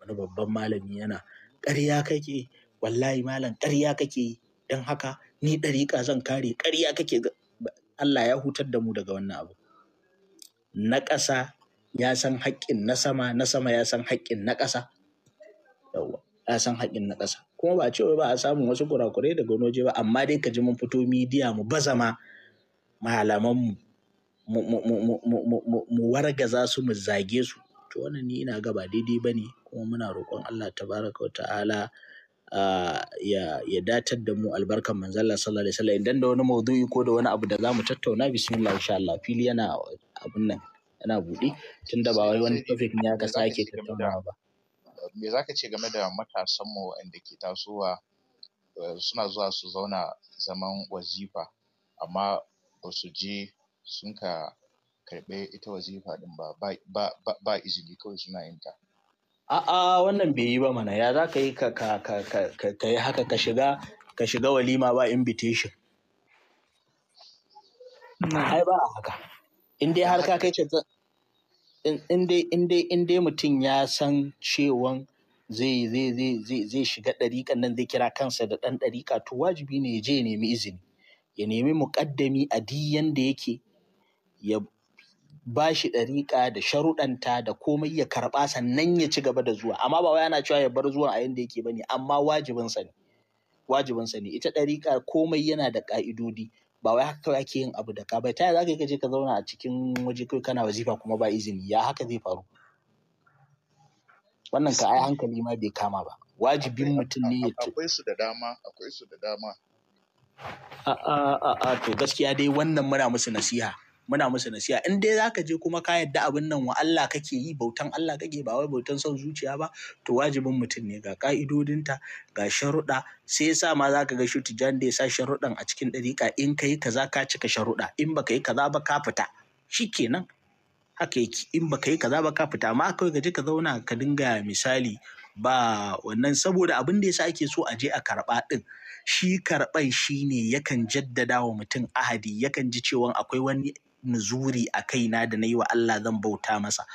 [SPEAKER 1] wani babban malami yana ƙarya kake wallahi malam ƙarya kake don haka ni ɗariƙa zan kare ƙarya kake Allah ya hutar da mu daga wannan abu na ƙasa ya san haƙƙin na sama na sama ya san haƙƙin na ƙasa yawwa ya san haƙƙin na ƙasa kuma ba a cewa ba a samu wasu kurakurai da gonoje ba amma dai ka ji mun fito midiya mu baza ma malaman mu mu wargaza su mu zage su to wannan ni ina ga ba daidai ba ne kuma muna roƙon Allah tabaraka wa ta'ala ya ya datar da mu albarkan Allah sallallahu alaihi wasallam idan da wani maudu'i ko da wani abu da zamu tattauna bismillah insha Allah fili yana
[SPEAKER 3] abun nan yana buɗe tunda ba wai wani topic ne aka sake tattaunawa ba me zaka ce game da matasan mu wanda ke tasowa eh, suna zuwa su zauna zaman wazifa amma ba su je sun ka karɓi ita wazifa ɗin ba ba izini kawai suna yin ta a'a
[SPEAKER 1] wannan bai yi ba mana ya za ka yi ka yi haka ka shiga ka shiga walima ba invitation ai ba haka in dai har ka kai in dai mutum ya san cewan zai zai shiga ɗariƙan nan zai kira kansa da ɗan ɗariƙa to wajibi ne ya je ya nemi izini ya nemi muƙaddami a diyan da yake ya ba shi ɗariƙa da sharuɗanta da komai ya karɓa sannan ya ci gaba da zuwa amma ba wai ana cewa ya bar zuwa a yanda yake ne, amma wajibinsa ne wajibinsa ne ita ɗariƙa komai yana da ƙa'idodi ba wai haka kawai ake yin abu da ka bai ta za ka je ka zauna a cikin waje kawai kana wazifa kuma ba izini ya haka zai faru wannan ka ai hankali ma bai kama ba wajibin mutum ne ya
[SPEAKER 3] akwai su da dama akwai su da dama
[SPEAKER 1] a a a to gaskiya dai wannan muna musu nasiha muna musu nasiha in dai zaka je kuma ka yadda abin nan wa Allah kake yi bautan Allah kake ba wai bautan son zuciya ba to wajibin mutum ne ga ka'idodinta ga sharuɗa sai ya sa ma zaka ga shi tijan da sa sharuɗan a cikin ɗariƙa in kai kaza ka cika sharuɗa in baka yi kaza ba ka fita shikenan haka yake in baka yi kaza ba ka fita amma kawai ka ka zauna ka dinga misali ba wannan saboda abin da yasa ake so a je a karɓa ɗin shi karɓan shi ne yakan jaddada wa mutum ahadi yakan ji cewa akwai wani nuzuri a kaina da na yi wa Allah zan bauta masa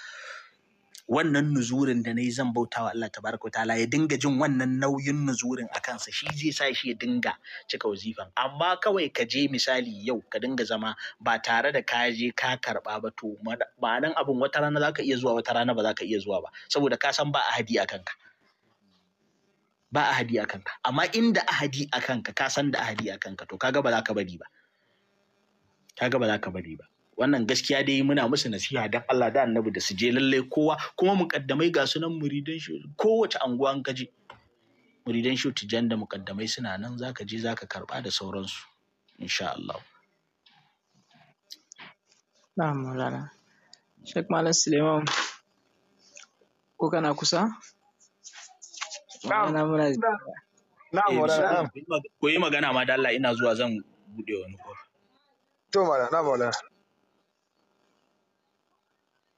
[SPEAKER 1] wannan nuzurin da na yi zan bauta wa Allah tabaraka ta'ala ya dinga jin wannan nauyin nuzurin a kansa shi zai sa shi ya dinga cika wazifan amma kawai ka je misali yau ka dinga zama ba tare da ka je ka karba ba to ma'anan abin wata rana zaka iya zuwa wata rana ba zaka iya zuwa ba saboda ka san ba ahadi a kanka ba ahadi a kanka amma inda ahadi a kanka ka san da ahadi a kanka to kaga ba za ka bari ba kaga ba za ka bari ba wannan gaskiya dai muna musu nasiha don Allah da annabi da su je lalle kowa kuma mukaddamai ga sunan muridan shi kowace anguwa an kaje muridan shi tijan da mukaddamai suna nan zaka je zaka karba da sauransu insha Allah
[SPEAKER 2] na'am mulana Sheikh Malam Suleiman ko kana kusa
[SPEAKER 1] na'am na'am eh, Maulana ko yi magana ma da Allah ina zuwa zan bude wani kofa to Maulana na'am mulana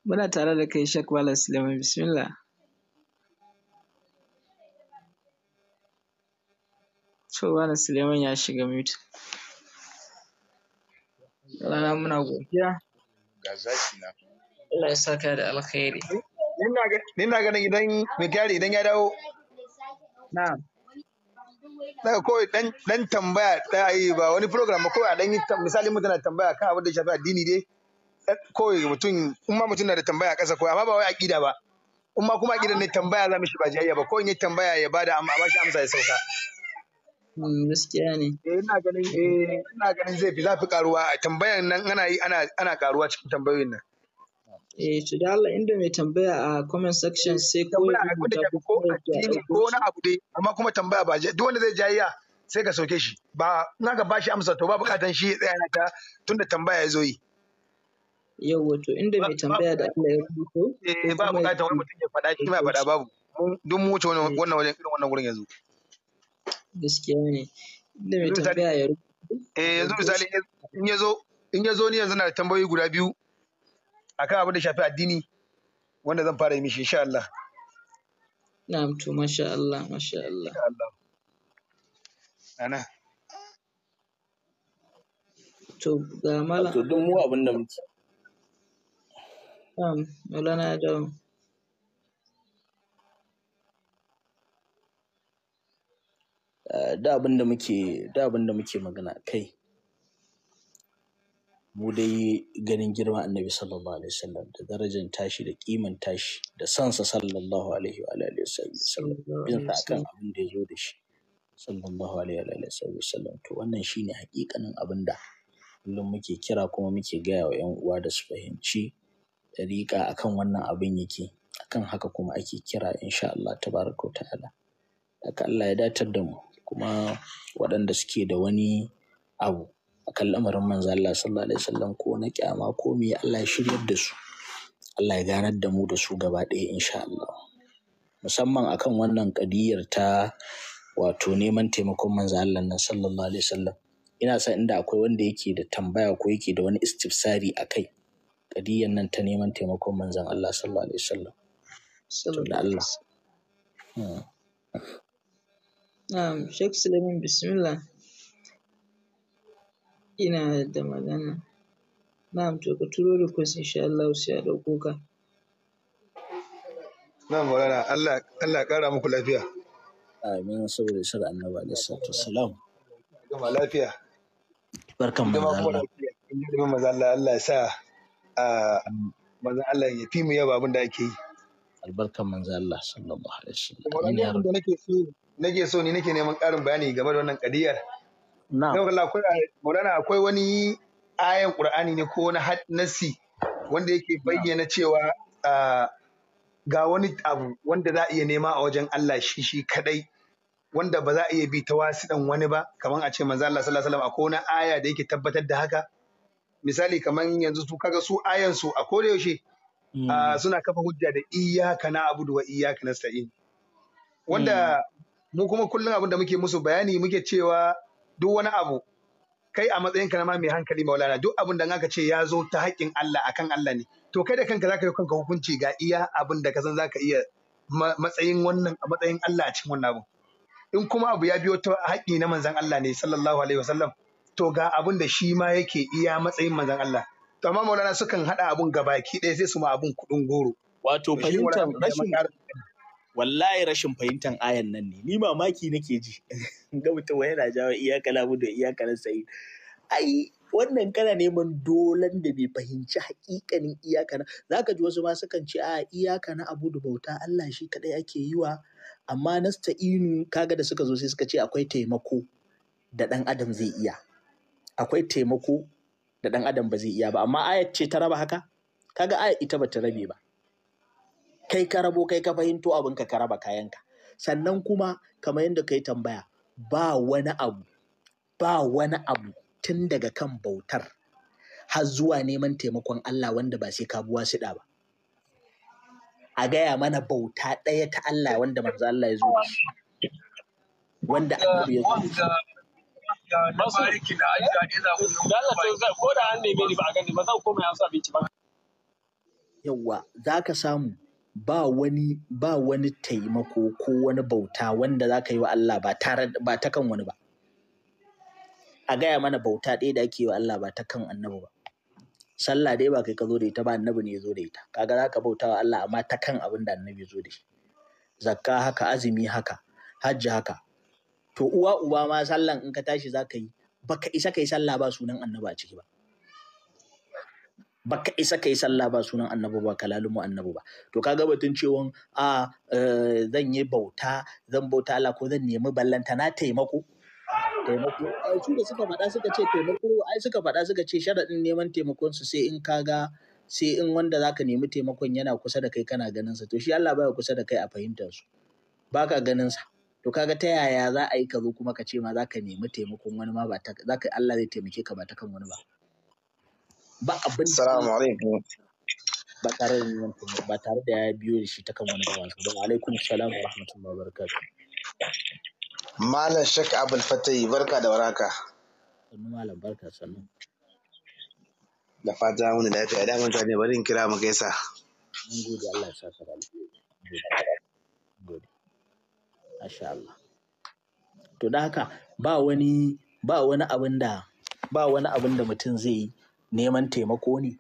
[SPEAKER 2] Muna tare da kai Sheikh Bala Suleiman Bismillah. To Malam Suleiman ya shiga mute. Rana muna godiya.
[SPEAKER 3] Ga zaki na.
[SPEAKER 2] Allah
[SPEAKER 4] ya saka da alkhairi. Ni na ganin idan mai gyari idan ya dawo. Na'am. Daga kawai dan tambaya ta yi ba wani program ba kawai a dan yi misali mutane tambaya kan abin da shafi addini dai. kawai mutum in ma mutum na da tambaya a ƙasa kawai amma ba wai aƙida ba in ma kuma aƙida ne tambaya za mu shi ba jayayya ba ko in yi tambaya ya bada amma ba shi amsa ya sauka
[SPEAKER 2] hmm, gaskiya ne eh,
[SPEAKER 4] ina ganin eh ina ganin zai fi zafi karuwa tambayan nan ana yi ana ana karuwa cikin tambayoyin nan
[SPEAKER 2] eh to da Allah inda mai tambaya a comment section sai ko ko na
[SPEAKER 4] abu dai amma kuma tambaya ba duk wanda zai jayayya sai ka sauke shi ba na ga bashi amsa to ba bukatan shi ya tsaya ta tunda tambaya ya zo yi
[SPEAKER 2] yau wato inda mai tambaya da Allah ya rubuto eh ba bukatar wani
[SPEAKER 4] mutum ya faɗa shi ba faɗa babu duk mu wuce mm. wannan wajen irin wannan gurin yanzu
[SPEAKER 2] gaskiya ne inda mai tambaya ya rubuto
[SPEAKER 4] eh yanzu misali in ya zo in ya zo ni yanzu na da tambayoyi guda biyu akan abin da shafi addini wanda zan fara yi mishi insha Allah
[SPEAKER 2] na'am to masha Allah masha Allah ana to ga mala to duk mu abin da muke Naam, um, Maulana
[SPEAKER 1] uh, da abin da muke da abin da muke magana kai mu dai ganin girman annabi sallallahu alaihi wasallam da darajar tashi da kiman tashi da sansa sallallahu alaihi wa alihi wasallam bin sa abin da yazo da shi sallallahu alaihi wa alihi wasallam to wannan shine hakikanin abin da kullum muke kira kuma muke gaya wa 'yan uwa da su fahimci ɗariƙa akan wannan abun yake akan haka kuma ake kira insha Allah tabaraka wa ta'ala haka Allah ya datar da mu kuma waɗanda suke da wani abu a kan lamarin manzo Allah sallallahu alaihi wasallam ko na kyama ko me Allah ya shiryar da su Allah ya ganar da mu da su gaba ɗaya insha Allah musamman akan wannan kadiyar ta wato neman taimakon manzo Allah nan sallallahu alaihi wasallam ina san inda akwai wanda yake da tambaya ko yake da wani istifsari a kai. ƙadiyyar nan ta neman taimakon manzan Allah sallallahu alaihi wasallam to da Allah
[SPEAKER 2] hmm. na'am Sheikh Suleiman bismillah ina da magana na'am to ka turo request insha Allah sai a dauko ka
[SPEAKER 4] na'am magana Allah Allah ya kara muku lafiya amin saboda shirin annabi alaihi salatu wassalam gama lafiya barkan mu da Allah Allah ya sa manzan Allah ya fi mu yawa abin da ake yi albarkan manzan Allah sallallahu alaihi wasallam wani abin da nake so nake so ni nake neman ƙarin bayani game da wannan kadiyar na'am Maulana akwai wani ayan Qur'ani ne ko na nasi wanda yake bayyana cewa ga wani abu wanda za a iya nema a wajen Allah shi shi kadai wanda ba za a iya bi ta wasiɗan wani ba kamar a ce manzo Allah sallallahu alaihi wasallam akwai wani aya da yake tabbatar da haka misali kamar yanzu su kaga su ayan su a kore yaushe mm. ah, suna kafa hujja da iyaka na abudu wa iyyaka nasta'in wanda mm. mu kuma kullum abin da muke musu bayani muke cewa duk wani abu kai a matsayin ka na mai hankali maulana duk abin da aka ce ya zo ta haƙƙin Allah akan Allah ne to kai da kanka zaka yi kanka hukunci ga iya abin da ka san zaka iya matsayin wannan a matsayin Allah a cikin wannan abu in kuma abu ya biyo ta haƙƙi na manzon Allah ne sallallahu alaihi wasallam to ga abin da shi ma yake iya matsayin mazan Allah to amma maulana sukan hada abun
[SPEAKER 1] gabaki ɗaya sai su ma abun kuɗin goro wato fahimtar rashin wallahi rashin fahimtar ayan nan ne ni mamaki nake ji ga mutum yana jawo iyaka labu da iyaka sayi ai wannan kana neman dolan da bai fahimci hakikanin iyaka na zaka ji wasu ma sukan ce a iyaka na abu da bauta Allah shi kaɗai ake yi wa amma nasta'inu kaga da suka zo sai suka ce akwai taimako da ɗan adam zai iya akwai taimako da ɗan adam ba zai iya ba amma ayat ce ta raba haka kaga ayat ita bata rabe ba kai ka rabo kai ka fahimto abin ka ka raba kayanka sannan kuma kamar yadda kai tambaya ba wani abu ba wani abu tun daga kan bautar har zuwa neman taimakon Allah wanda ba sai ka buwa siɗa ba a gaya mana bauta ɗaya ta Allah wanda manzo Allah ya zo wanda annabi ya zo masu ajiya
[SPEAKER 5] eh, ko da an neme ni ba a gani ba zan koma yansu abinci ba
[SPEAKER 1] yawwa za ka samu ba wani ba wani taimako ko wani bauta wanda za ka yi wa Allah ba tare ba ta kan wani ba a gaya mana bauta ɗaya da ake yi wa Allah ba ta kan annabi ba sallah dai ba kai ka zo da ita ba annabi ne ya zo da ita kaga za ka bauta wa Allah amma ta kan abin da annabi ya zo da shi zakka haka azumi haka hajji haka to uwa uba ma sallan in ka tashi za ka yi baka isa ka yi sallah ba sunan annaba a ciki ba baka isa ka yi sallah ba sunan annabi ba mu annabi ba to ka ga batun cewa a e, zan yi bauta zan bauta Allah ko zan nemi ballanta na taimako taimako su da suka faɗa suka ce taimako ai suka faɗa suka ce sharadin neman taimakon su sai in kaga sai in wanda zaka nemi taimakon yana kusa da kai kana ganin sa to shi Allah baya kusa da kai a fahimtar su baka ganin sa to kaga ta yaya za a yi ka zo kuma ka ce ma za ka nemi taimakon wani ma ba za ka Allah zai taimake ka ba ta kan wani ba
[SPEAKER 5] ba abin salamu alaikum
[SPEAKER 1] ba tare da ba tare da ya biyo da shi ta kan wani ba wa alaikum salam wa rahmatullahi wa barakatuh malam shek abul fatai barka da waraka
[SPEAKER 4] sannu malam barka sannu da fata wani lafiya da mutane bari in kira mu gaisa mun gode Allah ya saka
[SPEAKER 1] Masha Allah. To da haka ba wani, ba wani abin da, ba wani abin da mutum zai yi neman taimako ne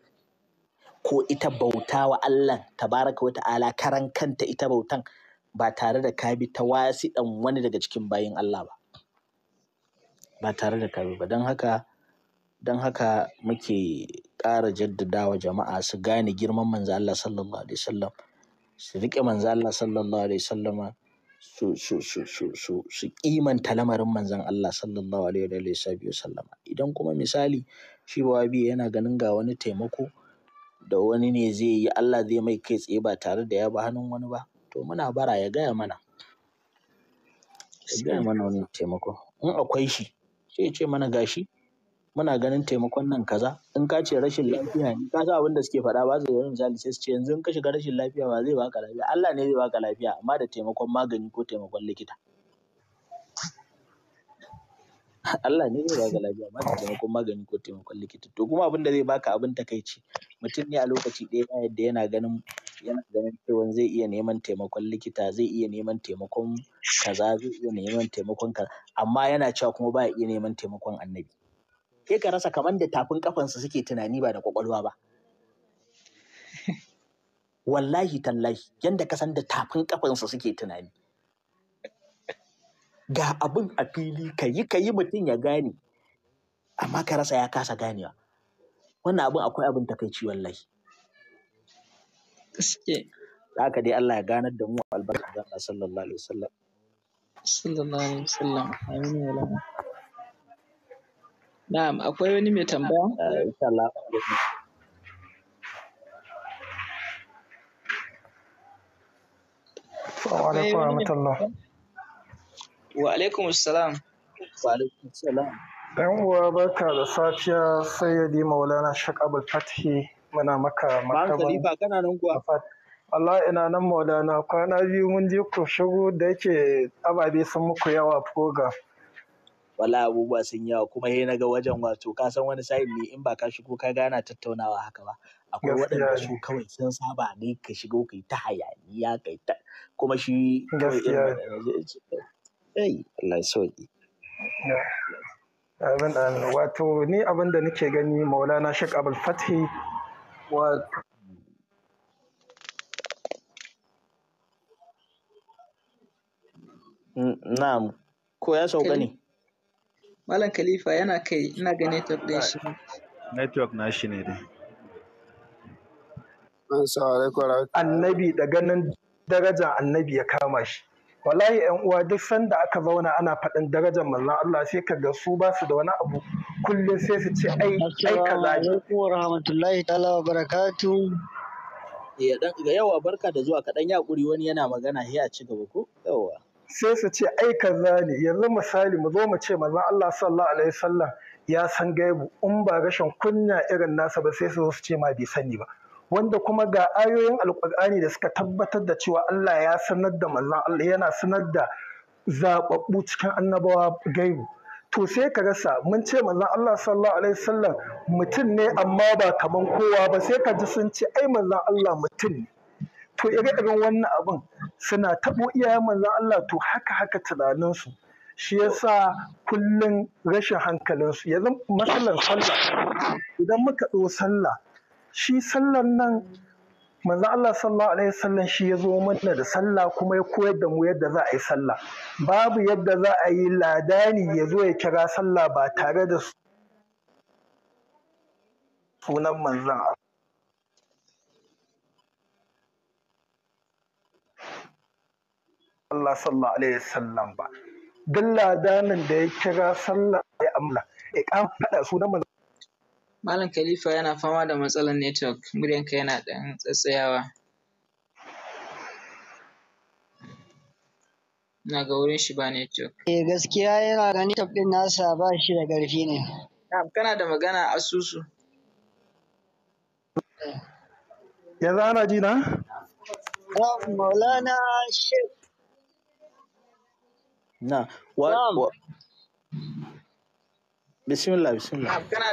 [SPEAKER 1] ko ita bauta wa Allah tabaraka wa ta'ala karan kanta ita bautan ba tare da ka bi ta wasiɗan wani daga cikin bayin Allah ba. Ba tare da ka bi ba. Don haka, don haka muke ƙara jaddadawa jama'a su gane girman manzo Allah sallallahu alaihi wasallam su riƙe manzo Allah sallallahu alaihi wasallama su su su su su su kimanta lamarin manzon Allah sallallahu alaihi wa wa sallama idan kuma misali shi bawabi yana ganin ga wani taimako da wani ne zai yi Allah zai mai kai tsaye ba tare da ya ba hannun wani ba to muna bara ya gaya mana ya gaya mana wani taimako in akwai shi sai ya ce mana gashi muna ganin taimakon nan kaza in ka ce rashin lafiya ne ka san abin da suke faɗa ba su da misali sai su ce yanzu in ka shiga rashin lafiya ba zai baka lafiya Allah ne zai baka lafiya amma da taimakon magani ko taimakon likita Allah ne zai baka lafiya amma da taimakon magani ko taimakon likita to kuma abin da zai baka abin takaici mutum ne a lokaci ɗaya ba yadda yana ganin yana ganin cewa zai iya neman taimakon likita zai iya neman taimakon kaza zai iya neman taimakon kaza amma yana cewa kuma ba iya neman taimakon annabi sai ka rasa kamar da tafin kafansu suke tunani ba da kwakwalwa ba wallahi tallahi yanda ka san da tafin kafansu suke tunani ga abin a fili ka yi ka yi mutum ya gane amma ka rasa ya kasa ganewa wannan abin akwai abin takaici wallahi haka dai Allah ya ganar da mu albarka sallallahu alaihi
[SPEAKER 2] wasallam sallallahu alaihi wasallam amin wallahi Na'am, akwai wani mai tambaya? Ah, wa alaikum Wa assalam.
[SPEAKER 5] uwa barka da safiya sayyadi Maulana Sheikh Abdul Fathi muna maka martaba. Ba kana nan Allah ina nan Maulana kwana biyu mun je ku shigo da yake ababe sun muku yawa program.
[SPEAKER 1] wala abubuwa sun yi yawa kuma na ga wajen wato ka san wani sa'in ne in ba ka shigo ka gana tattaunawa haka ba
[SPEAKER 5] akwai waɗanda su
[SPEAKER 1] kawai sun saba ne ka shigo kai ta hayaniya kai ta kuma shi kawai
[SPEAKER 5] irin ai Allah sauki amin amin wato ni abin da nake gani maulana shek abul fathi wato
[SPEAKER 1] mm, na'am ko ya sauka ne
[SPEAKER 2] Malam Khalifa yana kai ina ga network ɗin shi.
[SPEAKER 5] Network na shi ne dai. Annabi da ganin darajar annabi ya kama shi. Wallahi ‘yan uwa duk sanda aka zauna ana faɗin darajar manzon Allah sai ka ga su ba su da wani abu kullum sai su ce ai ai kaza ne. Wa rahmatullahi ta'ala wa barakatu.
[SPEAKER 1] Ya eh, dan ga yawa barka da zuwa kaɗan ya wani yana magana sai a ci gaba ko?
[SPEAKER 5] sai su ce ai kaza ne yanzu misali mu zo mu ce manzon Allah sallallahu alaihi wasallam ya san gaibu in ba rashin kunya irin nasa ba sai su zo su ce ma bai sani ba wanda kuma ga ayoyin alkur'ani da suka tabbatar da cewa Allah ya sanar da manzon Allah yana sanar da zababbu cikin annabawa gaibu to sai ka rasa mun ce manzon Allah sallallahu alaihi wasallam mutum ne amma ba kaman kowa ba sai ka ji sun ce ai manzon Allah mutum ne to ire-iren wannan abin suna taɓo iyayen manzan Allah to haka haka tunaninsu shi yasa kullum rashin hankalinsu Yanzu matsalar sallah idan muka ɗo sallah shi sallan nan manzan Allah sallallahu alaihi wasallam shi ya zo mana da sallah kuma ya koyar da mu yadda za a yi sallah babu yadda za a yi ladani ya zo ya kira sallah ba tare da sunan manzan Allah Allah sallallahu alaihi wasallam ba duk ladanin da ya kira sallah ya amla ya kama faɗa sunan manzo
[SPEAKER 2] Malam Khalifa yana fama da matsalar network muryanka yana ɗan tsatsayawa na ga wurin shi ba network eh gaskiya yana gani network din nasa ba shi da ƙarfi ne kana da magana asusu
[SPEAKER 5] yanzu ana ji na
[SPEAKER 2] Maulana Sheikh
[SPEAKER 5] Na'am. Wa, Na'am. wa
[SPEAKER 1] Bismillah, bismillah. Na'am, kana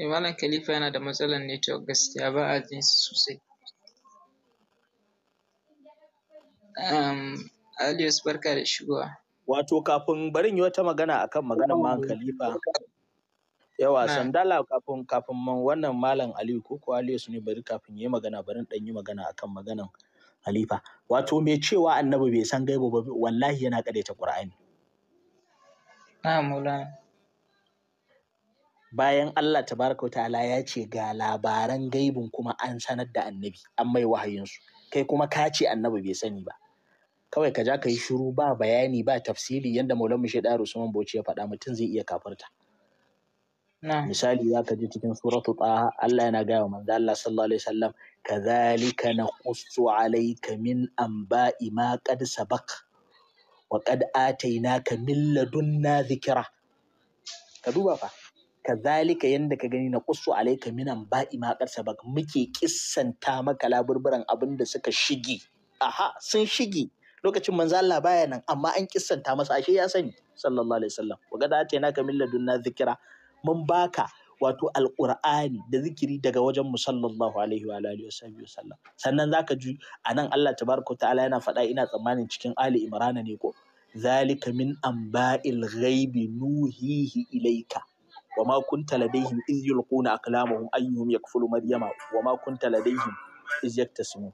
[SPEAKER 2] Eh, Khalifa yana da matsalar network gaskiya ba a jin su sosai. Um, Aliyus
[SPEAKER 1] barka da shigowa. Wato kafin barin yi wata magana akan maganar Malam Khalifa. yawa sandala kafin kafin man wannan malam aliyu ko ko aliyu su ne bari kafin yi magana bari dan yi magana akan maganan halifa wato mai cewa annabi bai san gaibu ba wallahi yana kadaita qur'ani
[SPEAKER 2] na
[SPEAKER 1] bayan Allah tabaraka wa ta'ala ya ce ga labaran gaibun kuma an sanar da annabi an mai wahayinsu kai kuma ka ce annabi bai sani ba kawai ka ja ka yi shiru ba bayani ba tafsiri yadda maulan mu daru suman bauchi ya faɗa mutum zai iya kafarta misali za ka ji cikin suratu taha Allah yana gaya wa manzo Allah sallallahu alaihi wasallam kadhalika naqussu alayka min anba'i ma qad sabaq wa qad atainaka min ladunna dhikra ka duba fa kazalika yanda ka gani na qussu alayka min anba'i ma qad sabaq muke kissanta maka laburburan abin da suka shige aha sun shige lokacin manzo Allah baya nan amma an kissanta masa ashe ya sani sallallahu alaihi wasallam wa qad atainaka min ladunna dhikra mun baka wato alqur'ani da zikiri daga wajen mu sallallahu alaihi wa alihi wasallam sannan zaka ji anan Allah tabaraka ta'ala yana faɗa ina tsammanin cikin Ali Imran ne ko zalika min amba'il ghaibi nuhihi ilaika وما كنت لديهم إذ يلقون أقلامهم أيهم يكفل مريم وما كنت لديهم إذ يكتسمون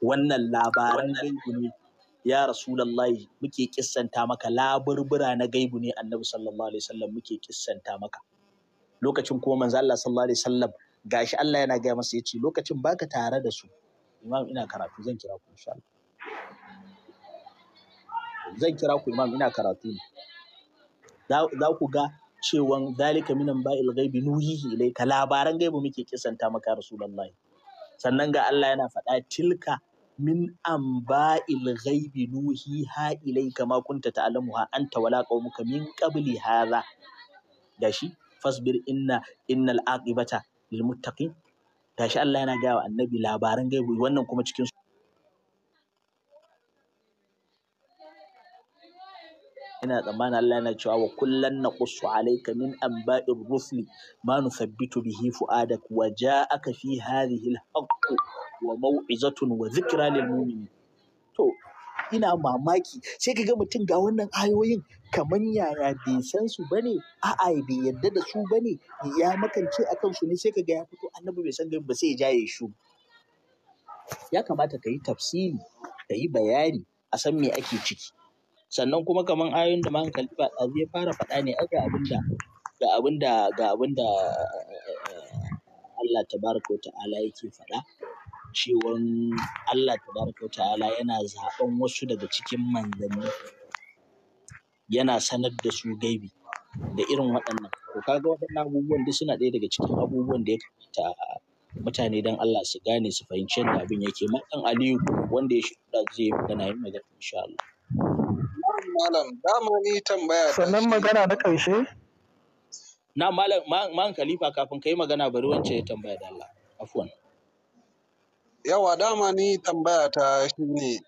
[SPEAKER 1] wannan labaran ne ya rasulullahi muke kissanta maka laburbura na gaibu ne annabi sallallahu alaihi wasallam muke kissanta maka lokacin kuma manzo Allah sallallahu alaihi wasallam gashi Allah yana gaya masa yace lokacin baka tare da su imam ina karatu zan kira ku insha Allah zan kira ku imam ina karatu ne za ku ga cewan zalika minan ba'il ghaibi nuhihi ilayka labaran gaibu muke kissanta maka rasulullahi sannan ga Allah yana faɗa tilka min amba'il ghaibi nuhiha ilayka ma kunta ta'lamuha anta wala qaumuka min qabli hadha gashi fasbir inna innal aqibata lil muttaqin gashi Allah yana gaya wa annabi labaran gaibi wannan kuma cikin ina tsammanin Allah yana cewa wa kullan naqussu alaika min anba'ir rusli ma nuthabbitu bihi fu'adak wa ja'aka fi hadhihi al-haqq wa mau'izatun wa dhikra lil mu'minin to ina mamaki sai ka ga mutum ga wannan ayoyin kaman yaya bai san su bane a'a bai yadda da su bane ya makance akan su ne sai ka ga ya fito annabi bai san gani ba sai ya jaye shu ya kamata ka yi tafsiri ka yi bayani a san me ake ciki sannan kuma kamar ayoyin da Malam Khalifa ɗazu ya fara faɗa ne ai ga abin da ga abin da ga abin da Allah tabaraka ta'ala yake faɗa cewan Allah tabaraka ta'ala yana zaɓen wasu daga cikin manzanni yana sanar da su gaibi da irin waɗannan to kaga waɗannan abubuwan duk suna ɗaya daga cikin abubuwan da ya kamata mutane don Allah su gane su fahimci yadda abin yake matan Aliyu wanda ya shi zai yi magana yin magana insha Allah
[SPEAKER 5] malam sannan magana na ƙarshe
[SPEAKER 1] na malam man khalifa kafin ka yi magana bari wance ya tambaya da Allah afwan
[SPEAKER 5] yawa dama ni tambaya ta shine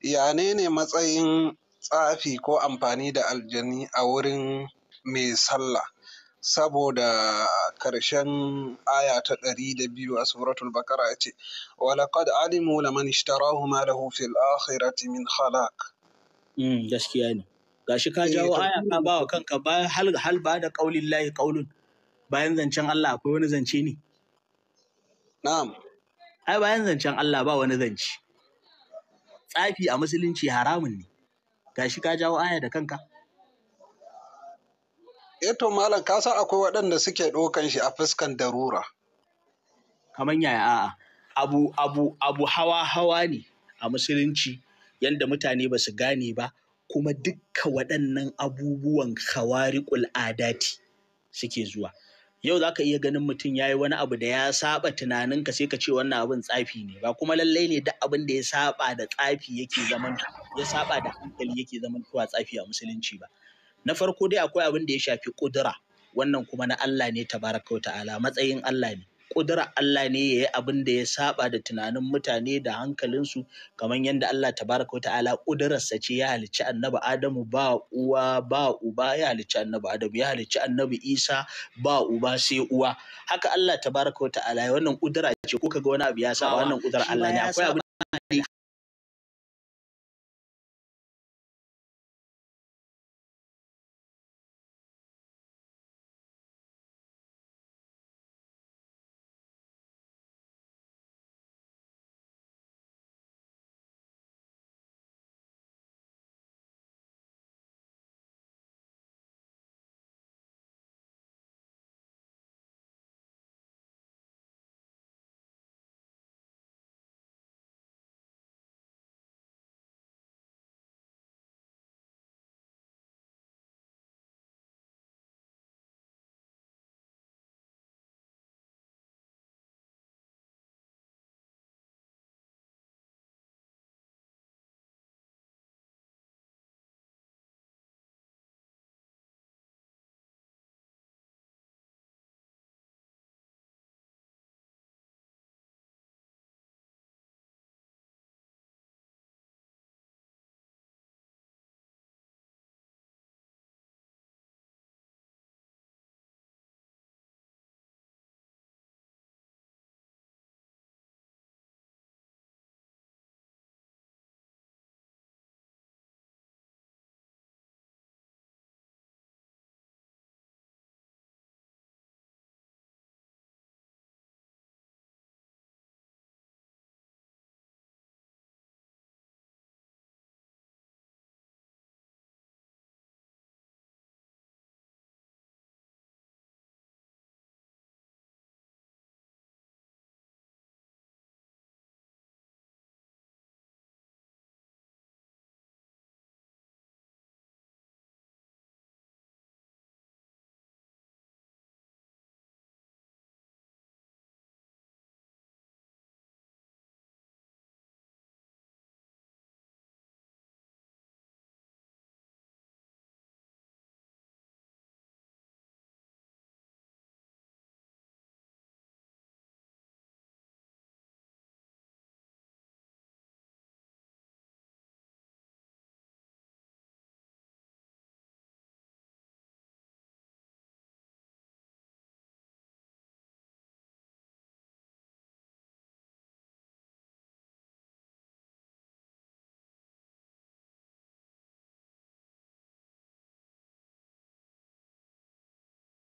[SPEAKER 5] ya ne ne matsayin tsafi ko amfani da aljani a wurin mai sallah saboda karshen aya ta ɗari da biyu a suratul bakara ya ce walaƙad alimu laman ishtarahu ma lahu fil akhirati min khalaq Mm, gaskiya ne. Gashi ka jawo eh, aya ka ba wa kanka bayan hal hal ba da qaulin
[SPEAKER 1] lahi qaulun bayan zancen Allah akwai wani zance ne. Na'am. Ai bayan zancen Allah ba wani zance. Tsafi a musulunci haramun ne.
[SPEAKER 5] Gashi ka jawo aya da kanka. Eto eh, malam ka san akwai waɗanda suke ɗaukan shi a fuskan darura. Kamar yaya a'a.
[SPEAKER 1] Abu abu abu hawa hawa ne a musulunci. yadda mutane ba su gane ba kuma dukka waɗannan abubuwan khawariƙul adati suke zuwa yau za ka iya ganin mutum ya yi wani abu da ya saɓa tunaninka sai ka ce wannan abin tsafi ne ba kuma lallai ne duk abin da ya saɓa da tsafi yake zaman ya saba da hankali yake zaman tuwa tsafi a musulunci ba na farko dai akwai abin da ya shafi kudura wannan kuma na Allah ne tabaraka wa ta'ala matsayin Allah ne ƙudurar Allah ne ya yi abin da ya saɓa da tunanin mutane da hankalinsu kamar yadda Allah tabaraka ta'ala ƙudurarsa ce ya halicci annabi Adamu ba uwa ba uba ya halicci annabi Adamu ya halicci annabi Isa ba uba sai uwa haka Allah tabaraka ta'ala ya wannan ƙudura ce kuka ga wani abu ya saba wannan ƙudurar Allah ne akwai
[SPEAKER 3] abin